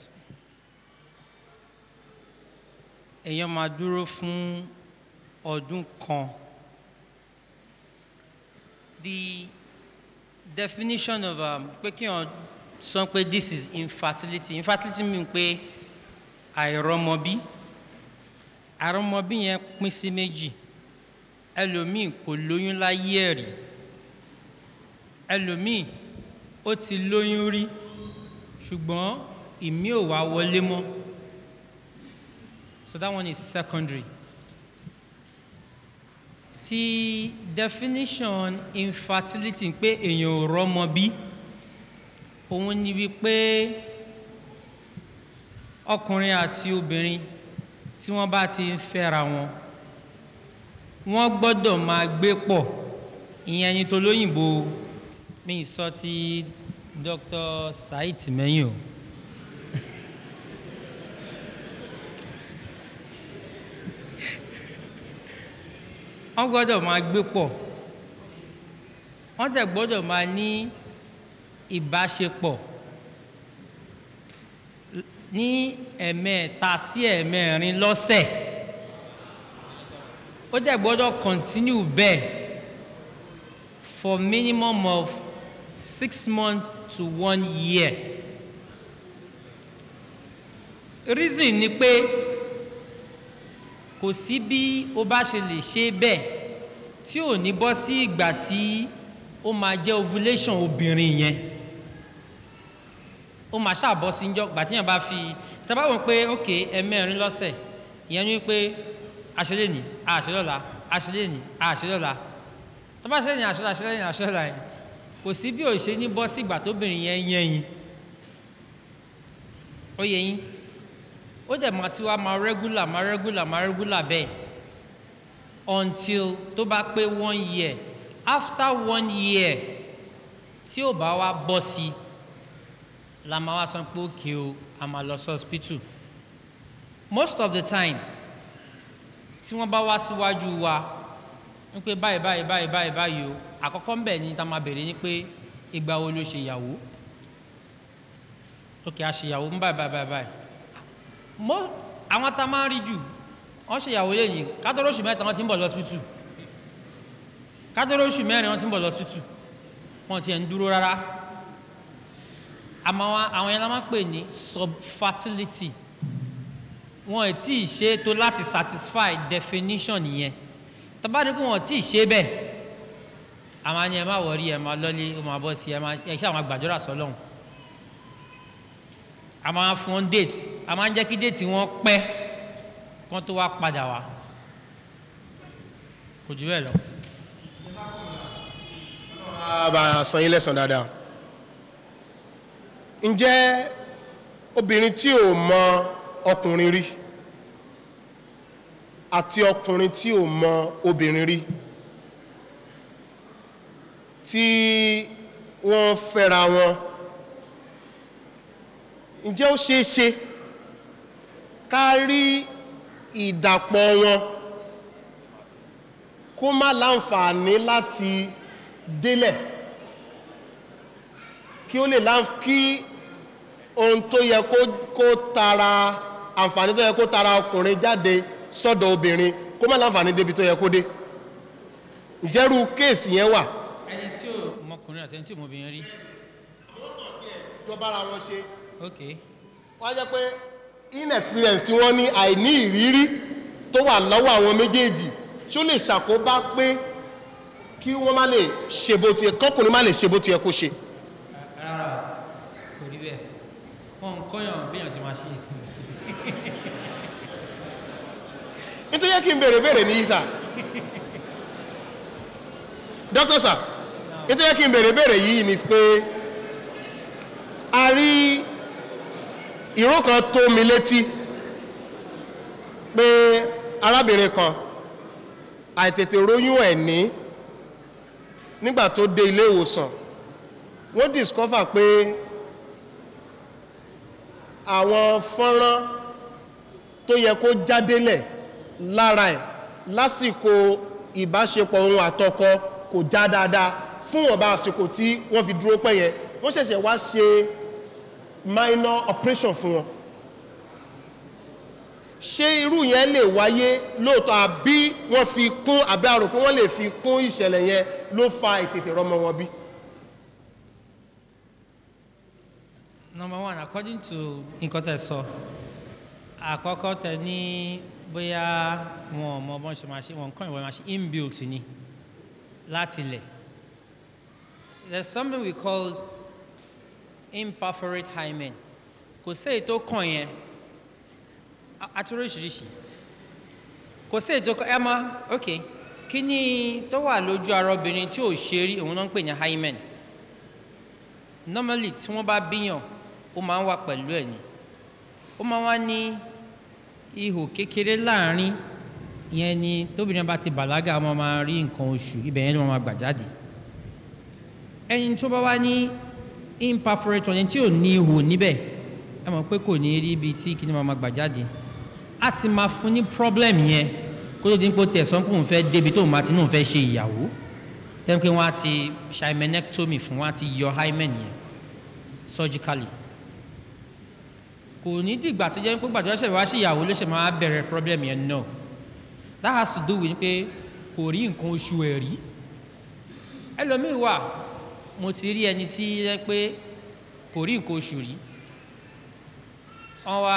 èèyàn máa dúró fún ọdún kan. The definition of um, pé kí èèyàn sọ pé this is infertility infertility mean pé àìrọmọbí àìrọmọbí yẹn pín sí méjì ẹlòmíì kò lóyún láyé ẹ̀ rí ẹlòmíì ó ti lóyún rí ṣùgbọ́n ìmí ò wá wọlé mọ́ so that one is secondary ti definition infertility pé èèyàn ò rọmọ bí òun ni wípé ọkùnrin àti obìnrin tí wọ́n bá ti ń fẹ́ra wọn wọ́n gbọ́dọ̀ máa gbé pọ̀ ìyẹn ẹni tó lóyìnbó mi sọ ti Dr. Saheed Tìmẹ́yìn o. wọ́n gbọ́dọ̀ máa gbé pọ̀ wọ́n tẹ̀ gbọ́dọ̀ máa ní. Ni ìbáṣepọ̀ ní ẹ̀mẹ́ta sí ẹ̀mẹ́rin lọ́sẹ̀ ó dẹ̀ gbọ́dọ̀ continue bẹ́ẹ̀ for minimum of six months to one year reason ni pé kò sí bí o bá ṣe lè ṣe bẹ́ẹ̀ tí ò ní bọ́ sí ìgbà tí ó máa jẹ́ ovulation obìnrin yẹn ó máa ṣàbọ̀ sí njọ́ gbà tíyàn bá fi tábà wọ̀n pé ok ẹ̀mẹ́rin lọ́sẹ̀ ìyẹn ni pé àṣẹlẹ̀ ní àṣẹlọ́la àṣẹlẹ̀ ní àṣẹlọ́la tábà ṣẹlẹ̀ ní àṣẹlọ́la àṣẹlẹ̀ ní àṣẹlọ́la yẹn kò sí bí òṣè ní bọ́ sí ìgbà tóbìnrin yẹn yẹn yín ó yẹ yín ó dẹ̀ máa ti wá máa rẹ́gúlà máa rẹ́gúlà máa rẹ́gúlà bẹ́ẹ̀ until tó bá pé one year after one year tí ò bá wá bọ́ sí i la máa wá san pé ó kí o a máa lọ sí hospital most of the time tí wọ́n bá wá síwájú wa ń pé báyìí báyìí báyìí báyìí báyìí o àkọ́kọ́ ń bẹ̀ ni tá a máa bèrè ni pé ìgbà wo ló ṣe ìyàwó ok a ṣe ìyàwó ń báyìí báyìí báyìí mo àwọn tá a máa ń rí jù wọ́n ṣe ìyàwó lẹ́yìn kátóró oṣù mẹ́ta wọ́n ti ń bọ̀ lọ́sípítù kátóró oṣù mẹ́rin wọ́n ti ń bọ̀ lọ́sípítù wọ́n ti ẹ̀ ń dúró rárá àmọ́ àwọn yẹn la máa ń pè ní subfertility wọn ò tí ì ṣe é tó láti satisfy definition yẹn tabadikun wọn ò tí ì ṣe é bẹ́ẹ̀ àwọn àni ẹ má wọrí ẹ má lọ́lé ó máa bọ́ sí ẹ má ẹ ṣe àwọn àgbàdúrà sọlọ́hún a máa fún wọn date a máa ń jẹ́ kí date wọn pẹ́ kán tó wá padà wá kò jù bẹ́ẹ̀ lọ. bá a san yín lẹ́sàn-án dáadáa ǹjẹ́ obìnrin tí ò mọ ọkùnrin rí àti ọkùnrin tí ò mọ obìnrin rí tí wọ́n fẹ́ra wọn ǹjẹ́ ó ṣeé ṣe ká rí ìdàpọ̀ wọn kó má láǹfààní láti délẹ̀ kí ó lè láǹfààní ohun tó yẹ kó tara àǹfààní tó yẹ kó tara ọkùnrin jáde sọ́dọ̀ obìnrin kó má láǹfààní débi tó yẹ kó dé ǹjẹ́rú kéèsì yẹn wà. ẹni tí ò mọkùnrin àti ẹni tí ò mọbìnrin rí. àwọn kan tiẹ̀ jọba ara wọn ṣe. ok. wọ́n á jẹ́ pé inexperience tí wọ́n ní àìní ìrírí tó wà lọ́wọ́ àwọn méjèèjì tí ó lè ṣàkóbá pé kí wọ́n má lè ṣe bó tiẹ̀ kọ́kùnrin má lè ṣe bó tiẹ̀ kó ṣe. wọn kọ́yàn kí n yìí ni pé a rí ìró kan tó mi létí pé arábìnrin kan àìtètè ẹ̀ ní nígbà tó dé ilé ìwòsàn wọ́n discover pé àwọn fọ́nrán tó yẹ kó jádélẹ̀ lára ẹ̀ lásìkò ìbáṣepọ̀ òun àtọkọ kò já dáadáa fún ọba àsìkò tí wọ́n fi dúró pẹ́ yẹn wọ́n ṣẹ̀ṣẹ̀ wá ṣe minor operation fún wọn ṣé irú yẹn lè wáyé lóòótọ́ àbí wọ́n fi kún àbí àròkún wọ́n lè fi kún ìṣẹ̀lẹ̀ yẹn ló fa ìtètè rọmọ wọn bí. number one according to nǹkan tẹ́ sọ àkọ́kọ́ tẹ́ ní bóyá wọn ò mọ bọ́n ṣe máa ṣe wọn kàn ìwọ máa ṣe inbuilt ni láti ilẹ̀ there's something we called imperforate hymen kò séyìí tó kàn yẹn àti oríṣiríṣi kò séyìí tó kàn ẹ máa ok kí ni tó wà lójú ara obìnrin tí ò ṣe rí òun náà ń pè ní hymen normally tí wọ́n bá bíyàn ó máa ń wà pẹ̀lú ẹ̀ ni ó máa wá ní ihò kékeré láàrin ìyẹn ni tóbìnrin bá ti bàlágà wọn máa rí nǹkan oṣù ibẹ̀ yẹn ni wọ́n máa gbà jáde ẹni tó bá wá ní imperforate ọ̀yẹn tí ò ní ihò níbẹ̀ ẹ mọ̀ pé kò ní rí ibi tí kí ni wọ́n máa gbà jáde á ti máa fún ní problem yẹn kó tó di pé tẹ̀sán kò ń fẹ́ débi tó máa ti ní òun fẹ́ ṣe ìyàwó tẹ́lẹ̀ pé wọ́n á ti ṣe fún wọ́n á ti yọ hymen yẹn surgically kò ní dìgbà tó jẹ́ pé gbàdúrà ṣẹ̀ wá sí ìyàwó ló ṣe máa bẹ̀rẹ̀ problem yẹn náà that has to do with pé kò rí nǹkan oṣù ẹ̀ rí ẹlòmíì wà mo ti rí ẹni tí yẹ pé kò rí nǹkan oṣù rí wọn wá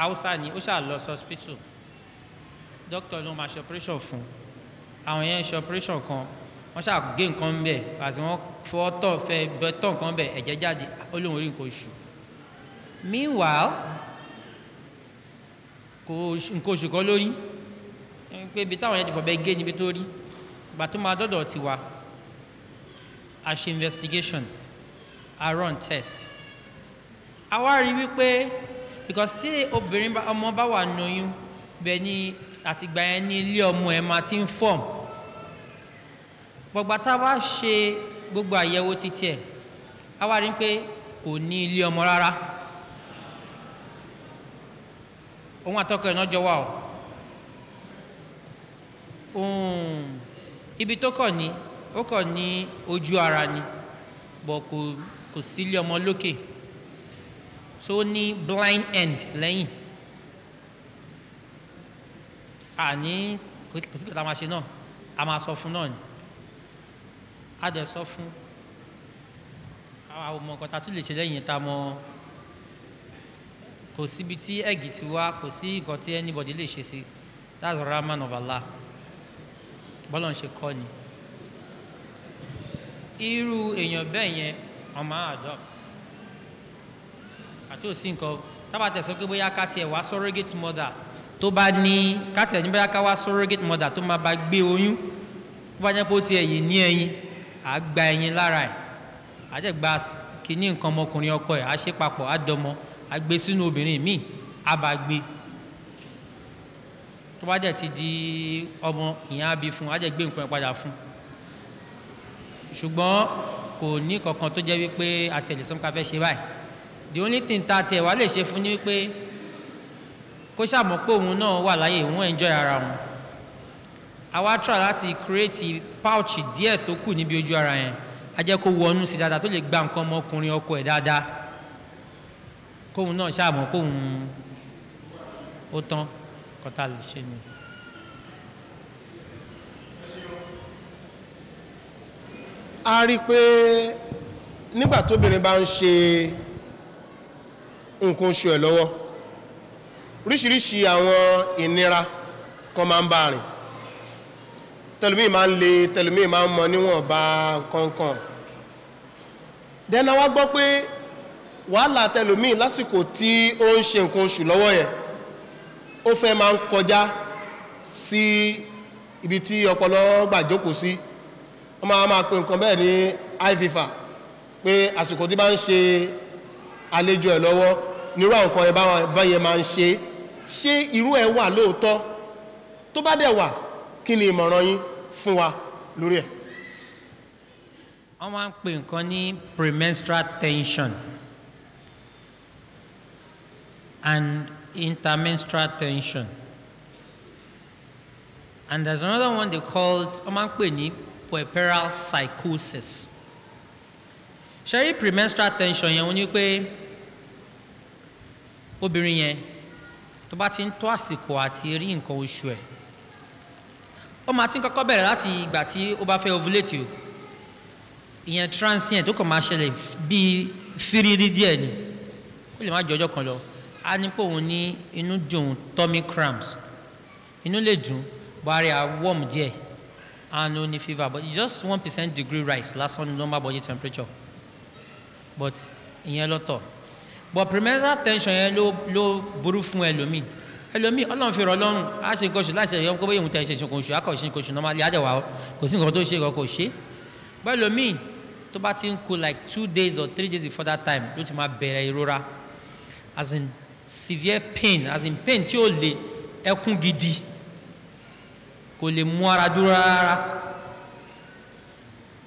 haúsá ni ó ṣáà hospital doctor ló máa ṣe operation fún àwọn yẹn ṣe operation kan wọ́n ṣáà gé nǹkan bẹ̀ àti wọ́n fọ́ tọ̀ fẹ́ bẹ́ tọ̀ nǹkan bẹ̀ ẹ̀jẹ̀ jáde ó lóun rí nǹkan oṣù meanwhile kò nǹkan oṣù kan lórí pé ibi táwọn yẹn ti fọ̀bẹ gé níbi tó rí ìgbà tó máa dọ́dọ̀ ti wà a ṣe investigation a run test a wá rí wípé because tí obìnrin ọmọ bá wà lóyún bẹ́ẹ̀ ni àtìgbà yẹn ní ilé ọmọ ẹ̀ máa ti ń form gbọ̀gbà tá a wá ṣe gbogbo àyẹ̀wò títí ẹ̀ a wá rí pé kò ní ilé ọmọ rárá. òun àtọkọ ẹ̀ náà jọ wà o ibi tó kọ̀ ní ó kọ̀ ní ojú ara ni bọ̀ kò kò sílé ọmọ lókè so ní blind end lẹ́yìn àní kò sí kò tá a máa ṣe náà a máa sọ fún náà ni a dẹ̀ sọ fún àwọn ọmọ nǹkan tá a tún lè ṣe lẹ́yìn tá a mọ kò síbi tí ẹ̀gì ti wá kò sí nǹkan tí anybody lè ṣe sí that's rahman of Allah bọ́lọ̀ ń ṣe kọ́ ni irú èèyàn bẹ́ẹ̀ yẹn ọmọ adopt àti òsì nǹkan tábàtẹ̀ sọ pé bóyá ká tiẹ̀ wá surrogate mother tó bá ní ká tiẹ̀ ní bóyá ká wá surrogate mother tó máa bá gbé oyún tó bá jẹ́ pé ó tiẹ̀ yìí ní ẹyin à á gba ẹyin lára ẹ̀ àjẹgbà kìíní nǹkan ọmọkùnrin ọkọ ẹ̀ á ṣe papọ̀ á dọmọ agbe sínú obìnrin míì abagbe tó bá dẹ̀ ti di ọmọ ìyẹn abi fún ajẹ́ gbé nǹkan padà fún ṣùgbọ́n kò ní kankan tó jẹ́ wípé àtẹ̀lẹ́sọ́n ká fẹ́ ṣe báyìí the only thing tá a tẹ̀ wá lè ṣe fún ni wípé kó ṣàmọ̀ pé òun náà wà láyé òun enjoy ara wọn àwa try láti create pouch díẹ̀ tó kù níbi ojú ara yẹn a jẹ́ kó wọnú sí dáadáa tó lè gba nǹkan ọmọkùnrin ọkọ ẹ̀ dáadáa kóun náà ṣàmọ́ kóun ó tán kọ́tà lè ṣe ni. a rí i pé nígbà tóbìnrin bá ń ṣe nǹkan oṣù ẹ̀ lọ́wọ́ oríṣiríṣi àwọn ìnira kan máa ń bá rìn tẹlumíì máa ń le tẹlumíì máa ń mọ níwọ̀nba kankan dẹ́nà wá gbọ́ pé wàhálà tẹlòmíì lásìkò tí ó ń ṣe nǹkan oṣù lọ́wọ́ yẹn ó fẹ́ máa ń kọjá sí ibi tí ọpọlọ gbà sí wọ́n máa máa pe nǹkan bẹ́ẹ̀ ní ififa pé àsìkò tí bá ń ṣe àlejò ẹ̀ lọ́wọ́ nírú àwọn nǹkan ẹ̀ báyẹn máa ń ṣe ṣé irú ẹ̀ wà lóòótọ́ tó bá dẹ̀ wà kí ni ìmọ̀ràn yín fún wa lórí ẹ̀. wọ́n máa ń pè nǹkan ní premenstrual tension and intermenstrual tension. And there's another one they called Omankweni puerperal psychosis. Ṣẹ́rí premenstrual tension yẹn wọ́n ní pé obìnrin yẹn tó bá ti ń tó àsìkò àti rí nǹkan oṣù ẹ̀ ó máa ti ń kọ́kọ́ bẹ̀rẹ̀ láti ìgbà tí ó bá fẹ́ ovulate o ìyẹn transient tó kàn máa ṣẹlẹ̀ bíi fíriri díẹ̀ ni ó lè má jọ kan lọ á ní pé òun ní inú dùn tummy cramps inú lè dùn buhari á warm díẹ̀ and ó fever but just one percent degree rise Last one normal body temperature but ìyẹn lọ́tọ̀ but premenstrual tension yẹn ló ló burú fún ẹlòmíì ẹlòmíì ọlọ́run fi rọ̀ lọ́rùn á ṣe nǹkan oṣù láti ṣe ìyọ́n kó bóyá òun tẹ̀ ṣe nǹkan oṣù á kọ̀ ṣe nǹkan oṣù normally á dẹ̀ wá kò sí nǹkan tó ṣe kò kò ṣe bọ́ ẹlòmíì tó bá ti ń kú like two days or three days before that time ló ti máa bẹ̀rẹ̀ ìrora as in severe pain as in pain tí ó le ẹkún gidi kò lè mú ara dúró rárá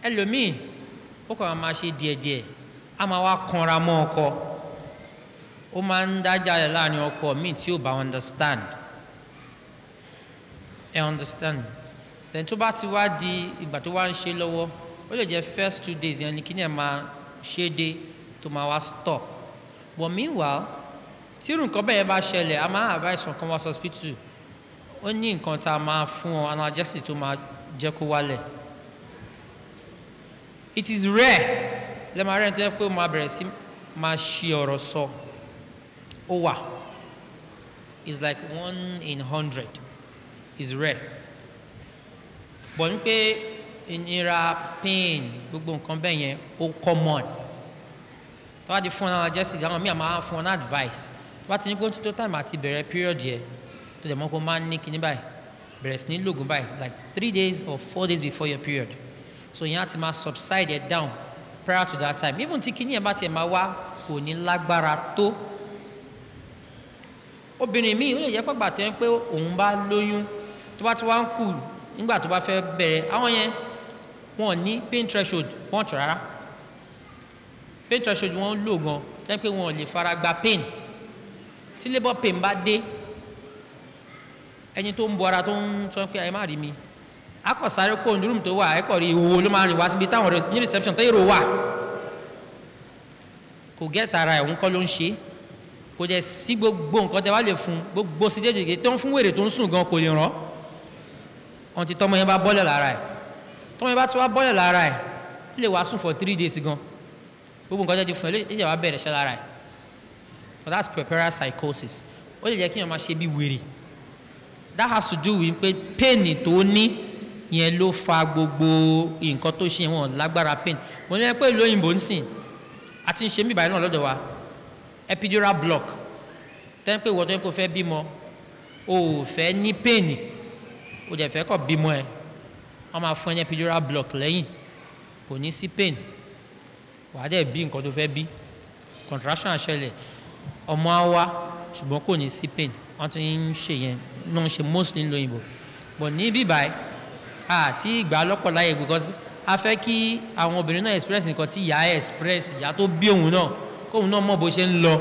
ẹlòmíì ó kàn máa ṣe díẹ̀díẹ̀ á máa wá kanra mọ́ ọkọ ó máa ń dájà rẹ̀ láàrin ọkọ míì tí ò bá understand ẹ understand then tó bá ti wá di ìgbà tó wá ń ṣe lọ́wọ́ ó lè jẹ́ first two days yẹn ni kí ni ẹ̀ máa ṣe dé tó máa wá stop but meanwhile tírù nǹkan bẹ́ẹ̀ bá ṣẹlẹ̀ a máa advice wọn kan wá sọ́spítù ó ní nǹkan tá a máa fún ọ analgesic tó máa jẹ́ kó wálẹ̀ it is rare lẹ́mọ̀ rẹ̀ ń tẹ́ pé ó máa bẹ̀rẹ̀ sí máa ṣe ọ̀rọ̀ sọ ó wà is like one in hundred is rare bọ̀ ní pé ìnira pain gbogbo nǹkan bẹ́ẹ̀ yẹn ó common tọ́wádìí fún ọ analgesic àwọn míì àmọ́ àwọn fún ọ ní advice wá ti ní kó tó time àti bẹ̀rẹ̀ period yẹ tó dẹ̀ mọ́ kó máa ń ní kíní báyìí bẹ̀rẹ̀ sí ní lògùn báyìí like three days or four days before your period so ìyẹn á ti máa subside it down prior to that time even tí kíní yẹn bá tiẹ̀ máa wá kò ní lágbára tó obìnrin míì ó lè jẹ́ pàgbà tó yẹn pé òun bá lóyún tó bá ti wá ń kù nígbà tó bá fẹ́ bẹ̀rẹ̀ àwọn yẹn wọn ní pain threshold wọn rárá pain threshold wọn lò gan jẹ́ pé wọn ò lè fara gba pain tí labour pain bá dé ẹni tó ń bọ ara tó ń sọ pé ẹ má rí mi akọ sáré kó ndúrúm tó wà ẹ kọ rí ìhòòhò ló máa rìn wá síbi táwọn ní reception tó ro wà kò gẹ́ta ara ẹ̀ ń kọ́ ló ń ṣe kò dẹ̀ sí gbogbo nǹkan tẹ́ wá lè fún gbogbo sídéjìdè tó ń fún wèrè tó ń sùn gan kò lè rán wọn ti tọmọ yẹn bá bọ́lẹ̀ lára ẹ̀ tọmọ yẹn bá ti wá bọ́lẹ̀ lára ẹ̀ lè wá sùn for three days gan gbogbo nǹkan tẹ́ ti fún ẹ lè jẹ́ wá bẹ̀rẹ̀ ṣẹ́ lára ẹ̀ that's preparer psychosis ó lè jẹ́ kí èèyàn máa ṣe bí wèrè that has to do with pé pain tó ní yẹn ló fa gbogbo nǹkan tó ṣe wọn lágbára pain mo ní pé ìlú òyìnbó ń sìn àti ń ṣe mí báyìí náà lọ́dọ̀ wa epidural block tẹ́ ń pè wọ́n tó ń kó fẹ́ bímọ o ò fẹ́ ní pain o dẹ̀ fẹ́ kọ̀ bímọ ẹ wọ́n máa fún ẹ ní epidural block lẹ́yìn kò ní sí pain wàá dẹ̀ bí nǹkan tó fẹ́ bí contraction àṣẹlẹ̀ ọmọ á wá ṣùgbọ́n kò ní sí pain wọ́n ti ń ṣe yẹn náà ń ṣe mostly ní òyìnbó but ní bíbáyìí àti ìgbà lọ́pọ̀ láyè because a fẹ́ kí àwọn obìnrin náà express nǹkan tí ìyá express ìyá tó bí òun náà kóun náà mọ̀ bó ṣe ń lọ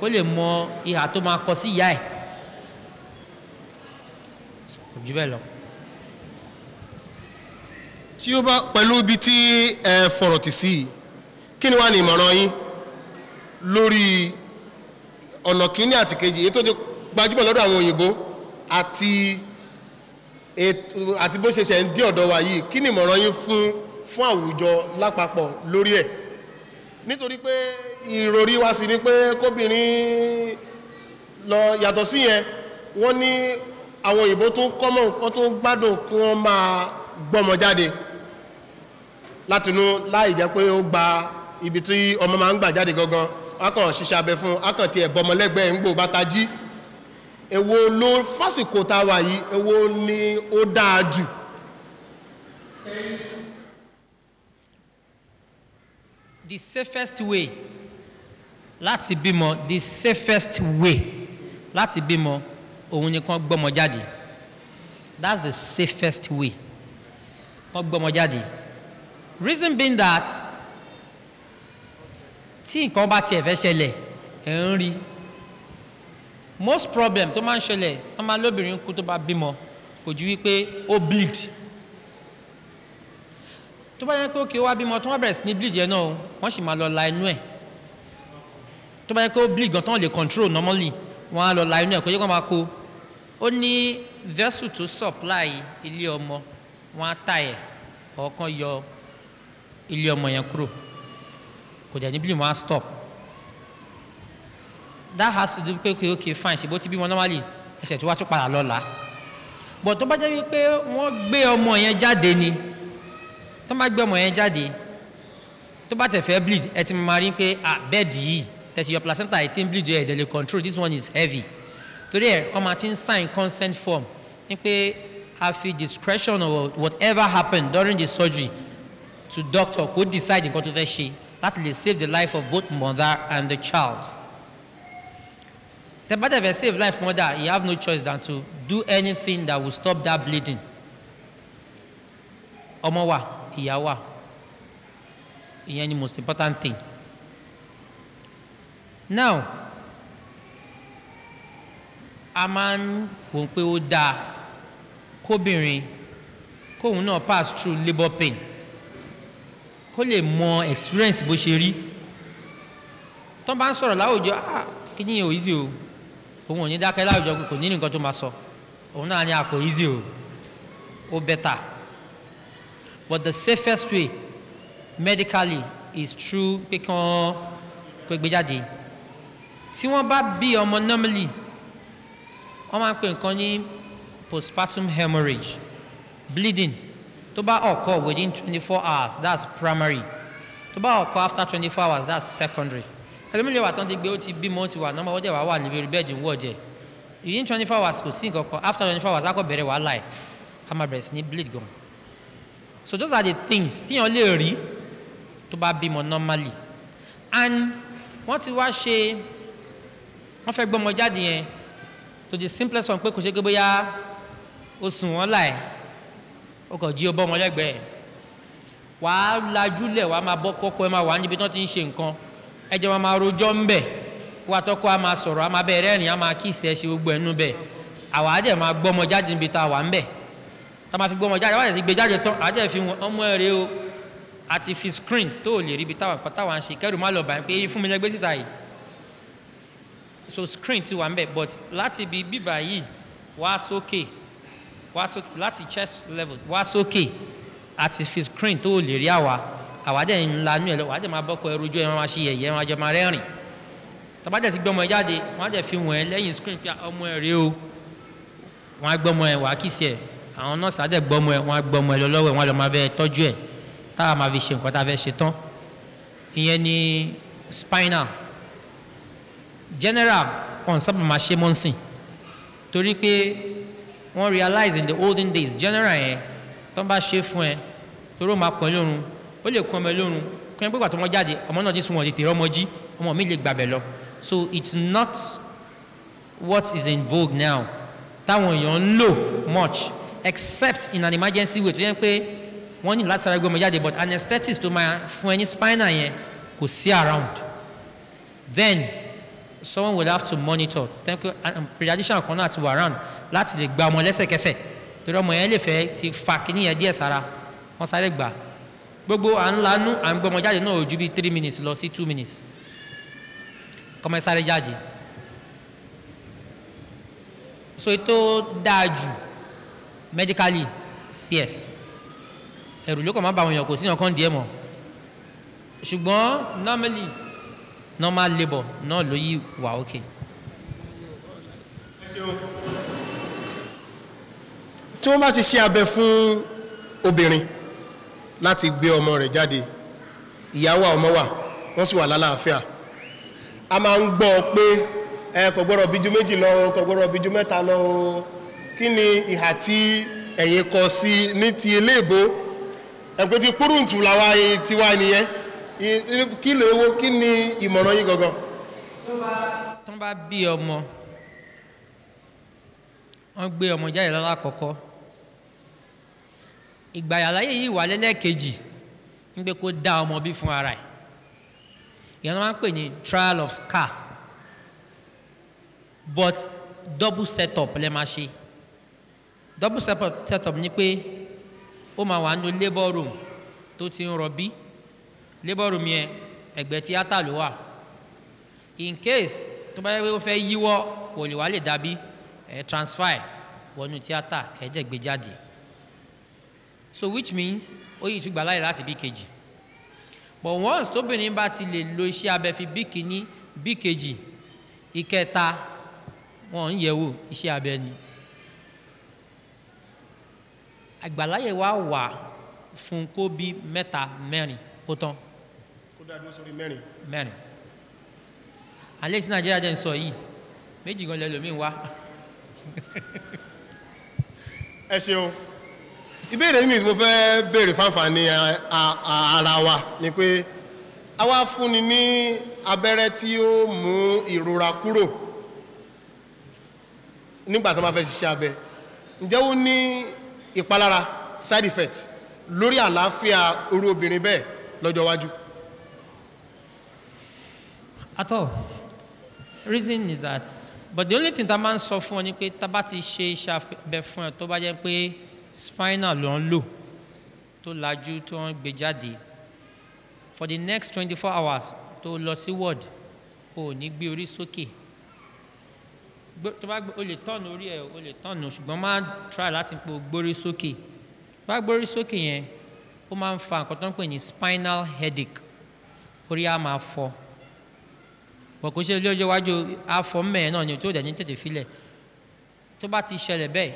kó lè mọ ìhà tó máa kọ sí ìyá ẹ̀ kò jù bẹ́ẹ̀ lọ. tí ó bá pẹ̀lú ibi tí ẹ fọ̀rọ̀ tì sí kí ni wàá ní ìmọ̀ràn yín lórí ọ̀nà kínní àti kejì èyí tó ti gbajúmọ̀ lọ́dọ̀ àwọn òyìnbó àti àti bó ṣe ṣe ń dí ọ̀dọ̀ wa yìí kí ni ìmọ̀ràn yín fún fún àwùjọ lápapọ̀ lórí ẹ̀ nítorí pé ìròrí wa sì ni pé kóbìnrin lọ yàtọ̀ sí yẹn wọ́n ní àwọn òyìnbó tó kọ́mọ̀ wọ́n tó gbádùn kí wọ́n máa gbọ́mọ jáde látinú láì jẹ́ pé ó gba ibi tí ọmọ máa ń gbà jáde gangan akàn ṣiṣẹ́ abẹ fún akàn tiẹ̀ bọmọlẹ́gbẹ́ ń gbò bàtà jí èwo ló fásìkò tá a wà yìí èwo ni ó dáa jù. the safest way láti bímọ the safest way láti bímọ òun ni kàn gbọ́mọ jáde that's the safest way kàn gbọ́mọ jáde reason being that tí nǹkan bá tiẹ̀ fẹ́ ṣẹlẹ̀ ẹ̀ ń rí most problem tó máa ń ṣẹlẹ̀ tó máa lóbìnrin kú tó bá bímọ kò ju wípé ó bleed tó bá yẹ pé ó kí wá bímọ tó wá bẹ̀rẹ̀ sí ní bleed yẹn náà wọ́n sì máa lọ la inú ẹ̀ tó bá yẹ pé bleed gan tán lè control normally wọ́n á lọ la inú ẹ̀ kó yẹ kó máa kó ó ní vessel tó supply ilé ọmọ wọ́n á tà ẹ̀ ọ̀ọ́kán yọ ilé ọmọ yẹn kúrò kò dẹ̀ ní wọn á stop that has to do pé okay okay fine ṣe bó ti bí wọn normally ẹsẹ̀ tó wá tún padà lọ́la but tó bá jẹ́ wípé wọ́n gbé ọmọ yẹn jáde ni tó bá gbé ọmọ yẹn jáde tó bá tẹ̀ fẹ́ bleed ẹ ti máa rí pé ah bẹ́ẹ̀dì yìí tẹ̀sí your placenta ẹ̀ ti ń bleed ẹ̀ dẹ̀ control this one is heavy torí ẹ̀ ọmọ àti ń sign consent form ni pé a fi discretion or whatever happened during the surgery to doctor kó decide nǹkan tó fẹ́ ṣe That will save the life of both mother and the child The mother will save life mother you have no choice than to do anything that will stop that bleeding ọmọ wa ìyá wa ìyẹn most important thing now a man ń wò pé ó dáa kóbìnrin kóun náà pass through labour pain kó lè mọ experience bó ṣe rí tó bá ń sọ̀rọ̀ láwùjọ ah kí ni yẹn ò easy o òun ò ní dákẹ́ láwùjọ kò ní nǹkan tó máa sọ òun náà ní àpò ah, easy o ó better but the safest way medically is through pé kí wọ́n pé gbé jáde tí wọ́n bá bí ọmọ normally wọ́n máa ń pè nǹkan ní postpartum hemorrhage bleeding tó bá occur within twenty four hours that's primary tó bá occur after twenty four hours that's secondary ẹlẹ́mìlẹ́ wà tán ti gbé ó ti bímọ ó ti wà nọ́mọ ó dẹ̀ wá wà níbi bẹ́ẹ̀dì ń wọ̀ jẹ́ within twenty four hours kò sí nǹkan kan after twenty four hours akọ bẹ̀rẹ̀ wàhálà ẹ̀ ká má bẹ̀rẹ̀ ní bleed gan so those are the things téèyàn lè rí tó bá bímọ normally and wọ́n ti wá ṣe wọ́n fẹ́ gbọ́mọ jáde yẹn to the simplest one pé kò ṣe gbé bóyá oṣù wọn là ẹ̀ ó kàn jí ó bọ́ ọmọ lẹ́gbẹ̀ẹ́ wàá lajúlẹ̀ wàá máa bọ́ kọ́kọ́ ẹ máa wà níbi tí wọ́n ti ń ṣe nǹkan ẹ jẹ́ wọn máa rojọ́ ń bẹ̀ wàá tọ́kọ́ a máa sọ̀rọ̀ a máa bẹ̀rẹ̀ ẹ̀rìn a máa kí ìsẹ́ ṣe gbogbo ẹnu bẹ̀ àwa á dẹ̀ máa gbọ́ ọmọ jáde níbi tá a wà ń bẹ̀ tá a máa fi gbọ́ ọmọ jáde àwa dẹ̀ ti gbé jáde tán àwa dẹ̀ fi ọmọ rẹ o àti fi screen tó o lè rí ibi táwọn táwa ń ṣe kẹ́rù má lọ bàá pé fún mi lẹ́gbẹ́ síta yìí so screen ti wà ń bẹ̀ but láti ibi bíbà yìí wá sókè wá sókè láti chest level wá sókè àti fi screen tó lè rí àwa àwa dẹ̀ ń lanú ẹ̀ lọ wàá dẹ̀ máa bọ́kọ ẹrú ojú ẹ̀ máa ṣe yẹ̀yẹ́ máa jọ máa rẹ́rìn tàbá dẹ̀ ti gbé ọmọ ẹ jáde wọ́n á dẹ̀ fi wọ̀n ẹ lẹ́yìn screen pé ọmọ ẹ rèé o wọ́n á gbé ọmọ ẹ wàá kìsì ẹ̀ àwọn nọ́ọ̀sì á dẹ̀ gbé ọmọ ẹ wọ́n á gbé ọmọ ẹ lọ lọ́wọ́ ẹ wọ́n á lọ máa bẹ tọ́jú ẹ̀ tá a máa fi ṣe nǹkan tá a fẹ́ ṣe tán ìyẹn ni spinal general kàn sábà máa ṣe mọ́ǹsìn torí pé wọ́n realize in the olden days general yẹn tó ń bá ṣe fún ẹ torí ó máa pọ̀ lórun ó lè kún ọmọ lórun kún ẹ pé pàtó wọn jáde ọmọ náà jésù wọn lè tèrè ọmọ jí ọmọ mi lè gbàbẹ lọ so it's not what is in vogue now táwọn èèyàn ń lò much except in an emergency way tó yẹ pé wọ́n ní láti sáré gbé ọmọ jáde but anesthetist tó máa fún ẹ ní spinal yẹn kò sí around then someone will have to monitor thank you and um, pediatrician kan náà ti wà around láti lè gba ọmọ lẹ́sẹ̀kẹsẹ̀ torí ọmọ yẹn lè fẹ́ ti fa kínní yẹn díẹ̀ sára wọ́n sáré gbà gbogbo à ń lanú à ń gbọmọ jáde náà ò bíi three minutes lọ sí two minutes kọ́mọ sáré jáde so ètò dáa jù medically yes ẹ̀rù ló kàn má bàwọn èèyàn kò sí èèyàn kan díẹ̀ mọ́ ṣùgbọ́n normally normal labour náà ló yí wà ókè. tí wọ́n bá ti ṣe abẹ fún obìnrin láti gbé ọmọ rẹ̀ jáde ìyá wa ọmọ wa wọ́n sì wà lálàáfíà a máa ń gbọ́ pé ẹ kò gbọ́dọ̀ bíjú méjì lọ kò gbọ́dọ̀ bíjú mẹ́ta lọ kí ni ìhà tí ẹ̀yin kọ sí ní ti eléèbó ẹ̀pẹ́ ti kúrúǹtù làwa tiwa nìyẹn kí lè wo kí ni ìmọ̀ràn yín gangan. tó bá bí ọmọ wọ́n gbé ọmọ jáde lọ́la kọ̀ọ̀kọ́ ìgbà yàláyé yìí wà lẹ́lẹ́kejì ń gbé kó dá ọmọ bí fún ara ẹ̀ ìyẹn wọ́n pè ní trial of scar but double set up lẹ́ máa ṣe double set up ni pé ó máa wà nínú labour room tó ti ń rọbí labour room yẹn ẹ̀gbẹ́ tíátà ló wà in case tó bá yẹ pé ó fẹ́ yíwọ́ kò lè wá lè dàbí ẹ̀ transfer wọnú tíátà ẹ̀ẹ́dẹ̀ gbé jáde so which means ó yìí túgbà láyè láti bí kejì but once tóbìnrin bá ti lè lo iṣẹ́ abẹ fi bí kìíní bí kejì ìkẹta wọn ń yẹ̀wò iṣẹ́ abẹ ni àgbàláyè wa wà fún kó bí mẹ́ta mẹ́rin ó tán dádúró sórí mẹ́rin. mẹ́rin alẹ́ tí nàìjíríà jẹ́ ń sọ yìí méjì gan lẹ́lòmíín wá. ẹ ṣeun ìbéèrè mi mo fẹ́ béèrè ara wa ni pé a wá fúnni ní abẹ́rẹ́ tí ó mú ìrora kúrò nígbà fẹ́ ṣiṣẹ́ abẹ ǹjẹ́ ó ní ìpalára side effect lórí àlàáfíà at all reason is that but the only thing that man máa ń sọ fún ọ ni pé tá a bá ti ṣe iṣẹ́ abẹ fún ẹ tó bá jẹ́ pé spinal ló ń lò tó lajú tó ń gbé jáde for the next twenty four hours tó lọ sí ward o ò ní gbé orí sókè o lè tọ̀nù orí ẹ o lè tọ̀nù ṣùgbọ́n máa try láti pò gbórí sókè bá gbórí sókè yẹn ó máa ń fa nǹkan tó ń pè ní spinal headache orí á máa fọ́ pọ̀ kó ṣe lójó wájú afọ́mẹ́ ẹ̀ náà ni tó dẹ̀ ní tètè filẹ̀ tó bá ti ṣẹlẹ̀ bẹ́ẹ̀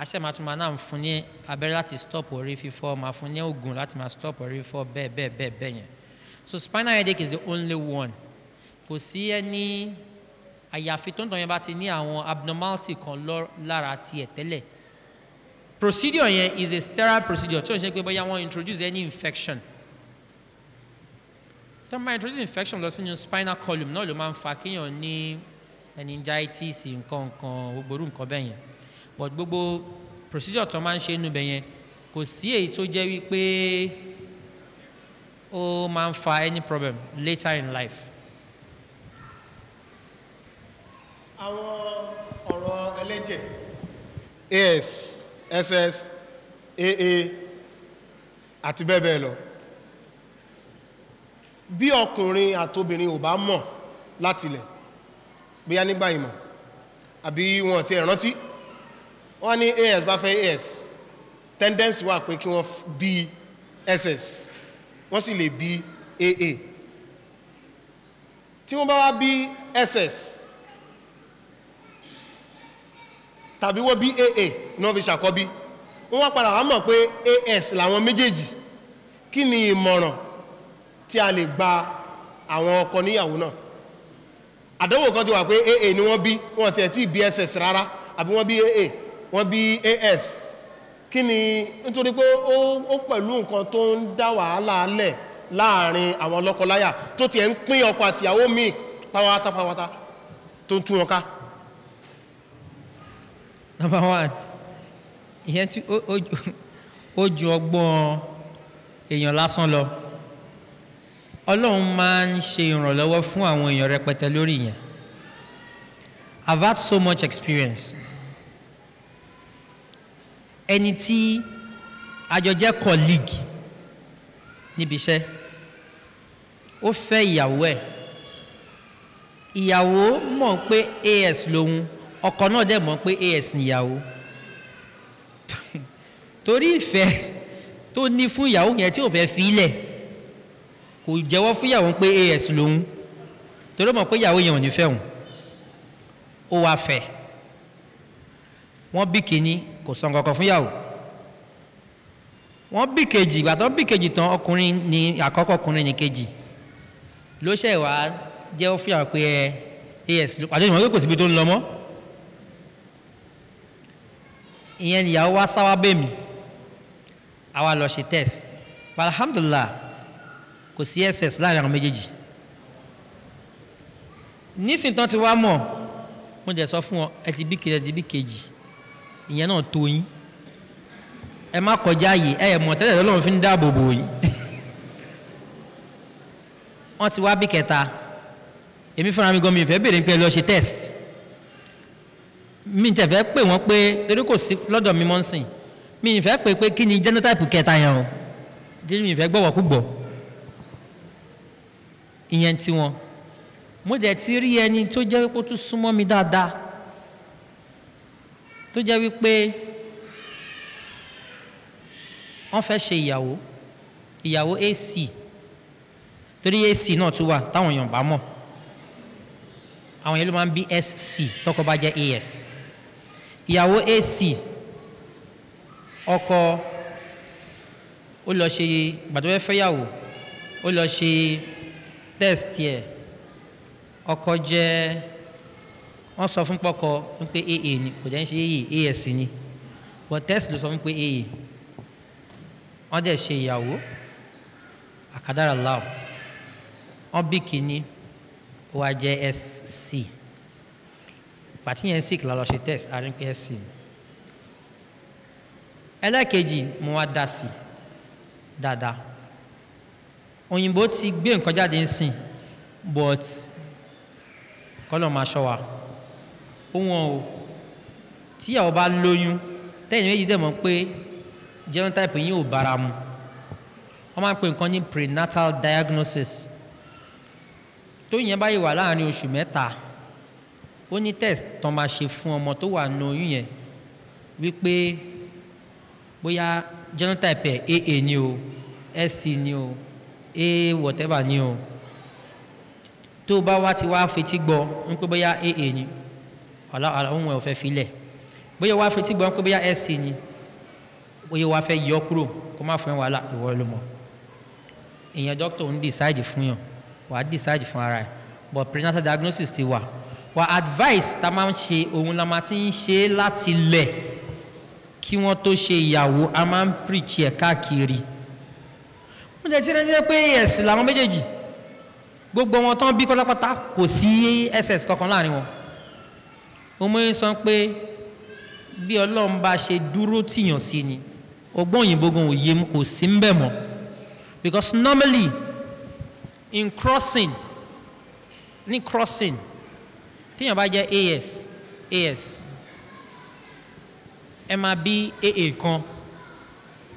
àṣẹ máa tún máa náà fún ní abẹ́rẹ́ láti stop orí fífọ́ máa fún ní oògùn láti máa stop orí fífọ́ bẹ́ẹ̀ bẹ́ẹ̀ bẹ́ẹ̀ bẹ́ẹ̀ yẹn so spinal headache is the only one kò sí ẹni àyàfi tó ń tàn yẹn bá ti ní àwọn abnormality kan lára tiẹ̀ tẹ́lẹ̀ procedure yẹn is a sterile procedure tí wọ́n ṣe pé bóyá wọ́n introduce any infection termitis infection lọ sínú spinal column náà ló máa ń fa kéèyàn ní meningitis nǹkan nǹkan gbogbo nǹkan bẹ́ẹ̀ yẹn but gbogbo procedure tó máa ń ṣe inú bẹ́ẹ̀ yẹn kò sí èyí tó jẹ́ wípé ó máa ń fa any problem later in life. àwọn ọ̀rọ̀ ẹlẹ́jẹ̀ as ss aa àti bẹ́ẹ̀ bẹ́ẹ̀ lọ bí ọkùnrin àtobìnrin ò bá mọ̀ látilẹ̀ bóyá nígbà ìmọ̀ àbí wọn ti ẹ̀rántí wọ́n ní as bá fẹ́ as tendency wà pé kí wọ́n bí ss wọ́n sì lè bí aa tí wọ́n bá wá bí ss tàbí wọ́n bí aa ní wọ́n fi ṣàkọ́bí wọ́n wá padà wá mọ̀ pé as làwọn méjèèjì kí ni ìmọ̀ràn tí a lè gba àwọn ọkọ níyàwó náà àdánwò kan ti wà pé aa ni wọ́n bí wọ́n tẹ̀ tí bss rárá àbí wọ́n bí aa wọ́n bí as kí ni nítorí pé ó pẹ̀lú nǹkan tó ń dá wàhálà lẹ̀ láàrin àwọn lọ́kọláyà tó tiẹ̀ ń pín ọkọ àtìyàwó míì pàwátá pàwátá tó ń tú wọn ká. number one ìyẹn tí ó ju ọgbọ́n èèyàn lásán lọ ọlọ́run máa ń ṣe ìrànlọ́wọ́ fún àwọn èèyàn rẹpẹtẹ lórí yẹn I've had so much experience ẹni tí àjọjẹ́ colleague níbi iṣẹ́ ó fẹ́ ìyàwó ẹ̀ ìyàwó mọ̀ pé AS lòun ọkọ náà dẹ̀ mọ̀ pé AS nìyàwó torí ìfẹ́ tó ní fún ìyàwó yẹn tí ò fẹ́ fi í lẹ̀ kò jẹ́wọ́ fúyàwó pé as lòun torí mọ̀ pé ìyàwó yẹn ò ní fẹ́ òun ó wàá fẹ́ wọ́n bí kínní kò sọ nǹkan kan fúyàwó wọ́n bí kejì ìgbà tó bí kejì tán ọkùnrin ní àkọ́kọ́ ọkùnrin ní kejì ló ṣe wá jẹ́wọ́ fúyàwó pé as ló pàdé ìmọ̀ pé kò síbi tó ń lọ mọ́ ìyẹn nìyàwó wá sáwá bẹ́ẹ̀ mi àwa lọ ṣe test alhamdulilayi kò sí excess láàrin àwọn méjèèjì nísìnyí tán ti wá mọ̀ mo jẹ́ sọ fún ọ ẹ ti bí kejì ẹ ti bí kejì ìyẹn náà tó yín ẹ má kọjá yìí ẹ yẹ mọ̀ tẹ́lẹ̀ lọ́lọ́run fi ń dáàbò bò yín wọ́n ti wá bí kẹta èmi fúnra mi gan mi ìfẹ́ béèrè pé lọ ṣe test mi ìtẹ̀fẹ́ pè wọ́n pé torí kò sí lọ́dọ̀ mi mọ́ ń sìn mi ìfẹ́ pé pé kí ni genotype kẹta yẹn o jẹ́rìí mi ìfẹ́ gbọ́wọ́ kú gbọ́ ìyẹn ti wọn mo dẹ̀ ti rí ẹni tó jẹ́ wípé ó tún súnmọ́ mi dáadáa tó jẹ́ wípé wọ́n fẹ́ ṣe ìyàwó ìyàwó AC torí AC náà tún wà táwọn èèyàn bá mọ̀ àwọn yẹn ló máa ń bí SC tọkọ bá jẹ́ AS ìyàwó AC ọkọ ó lọ ṣe gbàdúrà fẹ́yàwó ó lọ ṣe test yẹ ọkọ jẹ́ wọ́n sọ fún pọ́kọ wípé aa ni kò jẹ́ ń ṣe aa as ni but test ló sọ fún pé aa wọ́n dẹ̀ ṣe ìyàwó àkàdára láwù wọ́n bí kínní ó wá jẹ́ sc pàtí yẹn sick la lọ ṣe test a rí pé sc ni ẹlẹ́ẹ̀kejì mo wá dá sí dáadáa òyìnbó ti gbé nǹkan jáde ń sìn but kọ́lọ̀ máa ṣọ́ wa ohun ọ̀ tíyàwó bá lóyún tẹ́yìn méjì dẹ̀ mọ̀ pé genotype yín ò bára mu wọ́n máa ń pè nǹkan ní prenatal diagnosis tó yẹn báyìí wà láàrin oṣù mẹ́ta ó ní test tó máa ṣe fún ọmọ tó wà nù oyún yẹn wípé bóyá genotype ẹ̀ AA ni o SC ni o a whatever ni o tó bá wá ti wá fetí gbọ́ ń pé bóyá aa ni ọ̀la àwọn ẹ̀ ò fẹ́ filẹ̀ bóyá wá fetí gbọ́ ń pé bóyá sc ni bóyá wá fẹ́ yọ kúrò kó má fún wàhálà ìwọ ló mọ̀ ìyẹn dókítà ń decide fún yàn wà á decide fún ara ẹ̀ but prenatal diagnosis ti wà wà advice tá a máa ń ṣe òun la máa ti ń ṣe láti lẹ̀ kí wọ́n tó ṣe ìyàwó a máa ń preach ẹ̀ káàkiri wọ́n jẹ́ tíra jẹ́ pé ẹ̀sìn làwọn méjèèjì gbogbo wọn tán bí pátápátá kò sí ss kankan láàrin wọn ọmọ yẹn sọ pé bí ọlọ́run bá ṣe dúró tìyàn sí ni ọgbọ́n òyìnbó gan òye kò sí ń bẹ̀ mọ́ because normally in crossing ní crossing tíyàn bá jẹ́ as as ẹ máa bí aa kan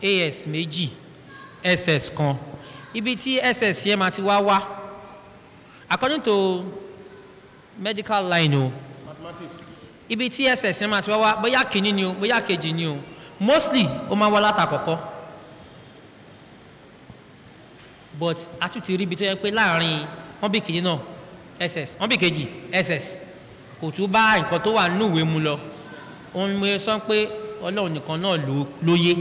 as méjì ss kan ibi tí ss yẹn máa ti wá wá according to medical line o ibi tí ss yẹn máa ti wá wá bóyá kìíní ni o bóyá kejì ni o mostly ó máa wá látàkọ́kọ́ but a tún ti rí ibi tó yẹ pé láàrin wọ́n bí kìíní náà ss wọ́n bí kejì ss kò tún bá nǹkan tó wà nínú ìwé mu lọ òun mo e sọ pé ọlọ́run nìkan náà ló yé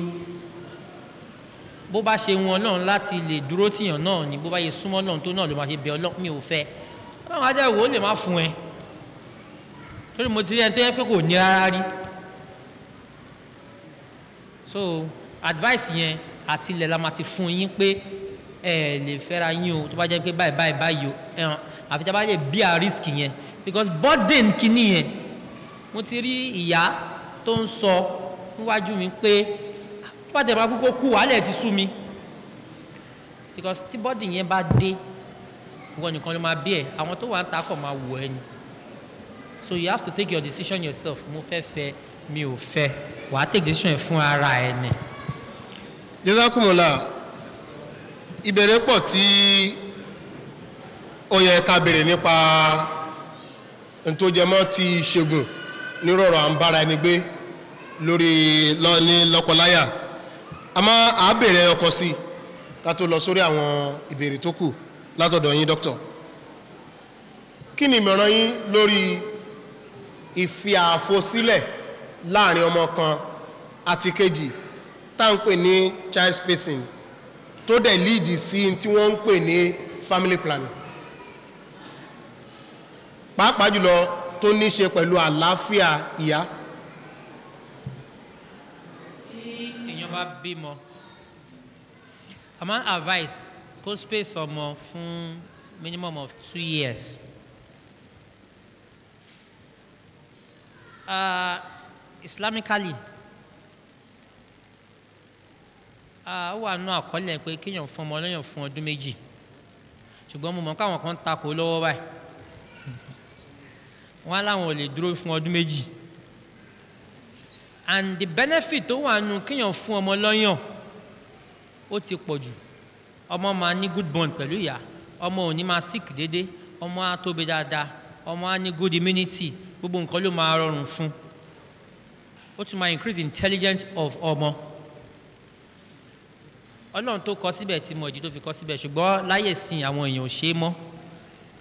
bó bá ṣe wọn Ọlọ́run láti lè dúró tìyàn náà ni bó bá yẹ súnmọ́ Ọlọ́run tó náà ló máa ṣe bẹ Ọlọ́run mi ò fẹ́ Ọlọ́run ajá ìwò ó lè má fún ẹ torí mo ti rí ẹni tó pé kò ní rárá rí so advice yẹn àti ilẹ̀ la máa ti fún yín pé ẹ lè fẹ́ra yín o tó bá jẹ́ pé báyìí báyìí báyìí o ẹ̀hàn àfi tí a bá lè bí a risk yẹn because burden kìíní yẹn mo ti rí ìyá tó ń sọ níwájú mi pé pàtẹ́ bá kúkó kú wàhálẹ̀ ti sú mi because tí bọ́dì yẹn bá dé wọ́n nìkan ló máa bí ẹ̀ àwọn tó wà ń takọ̀ máa wù ẹ́ ni so you have to take your decision yourself mo fẹ́ fẹ́ mi ò fẹ́ wà á take decision fún ara ẹ ni. jésàkùmọ̀lá ìbéèrè pọ̀ tí ó yẹ ká béèrè nípa ntòjẹmọ́ ti ṣègùn nírọ̀rọ̀ à ń bára ẹni gbé lórí lọ́ní lọ́kọláyà. Lo, a máa a béèrè ọkọ sí ká tó lọ sórí àwọn ìbéèrè tó kù látọ̀dọ̀ yín dókítà kí ni ìmọ̀ràn yín lórí ìfi láàrin ọmọ kan àti kejì tá ń pè ní child spacing tó dẹ̀ líìdì sí tí wọ́n ń pè ní family planning pàápàá jùlọ tó ní ṣe pẹ̀lú àlàáfíà ìyá. bá bímọ a máa ń advise kó space ọmọ fún minimum of two years. Uh, Islamically ó wà nù àkọọ́lẹ̀ pé kéèyàn fún ọmọ lẹ́yìn fún ọdún méjì ṣùgbọ́n mo mọ̀ káwọn kan takò lọ́wọ́ báyìí wọ́n á láwọn ò lè dúró fún ọdún méjì and the benefit tó wà nù kéèyàn fún ọmọ lọ́yàn ó ti pọ̀ jù ọmọ máa ní good bond pẹ̀lú ìyá ọmọ ò ní máa sick dédé ọmọ á tóbi dáadáa ọmọ á ní good immunity gbogbo nǹkan ló máa rọrùn fún ó tún máa increase intelligence of ọmọ ọlọ́run tó kọ síbẹ̀ ti mọ ìdí tó fi kọ síbẹ̀ ṣùgbọ́n láyè sìn àwọn èèyàn ò ṣe é mọ́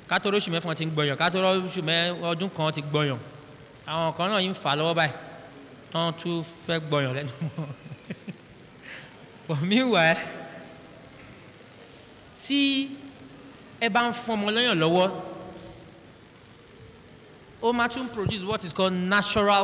kátó oṣù mẹ́fà ti ń gbọ̀yàn kátó oṣù mẹ́ ọdún kan ti gbọ̀yàn àwọn kan náà yìí ń fà lọ́wọ́ báyìí tán tún fẹ́ gbọ̀yàn lẹ́nu mọ́ but meanwhile tí ẹ bá ń fún ọmọ lọ́yàn lọ́wọ́ ó máa tún produce what is called natural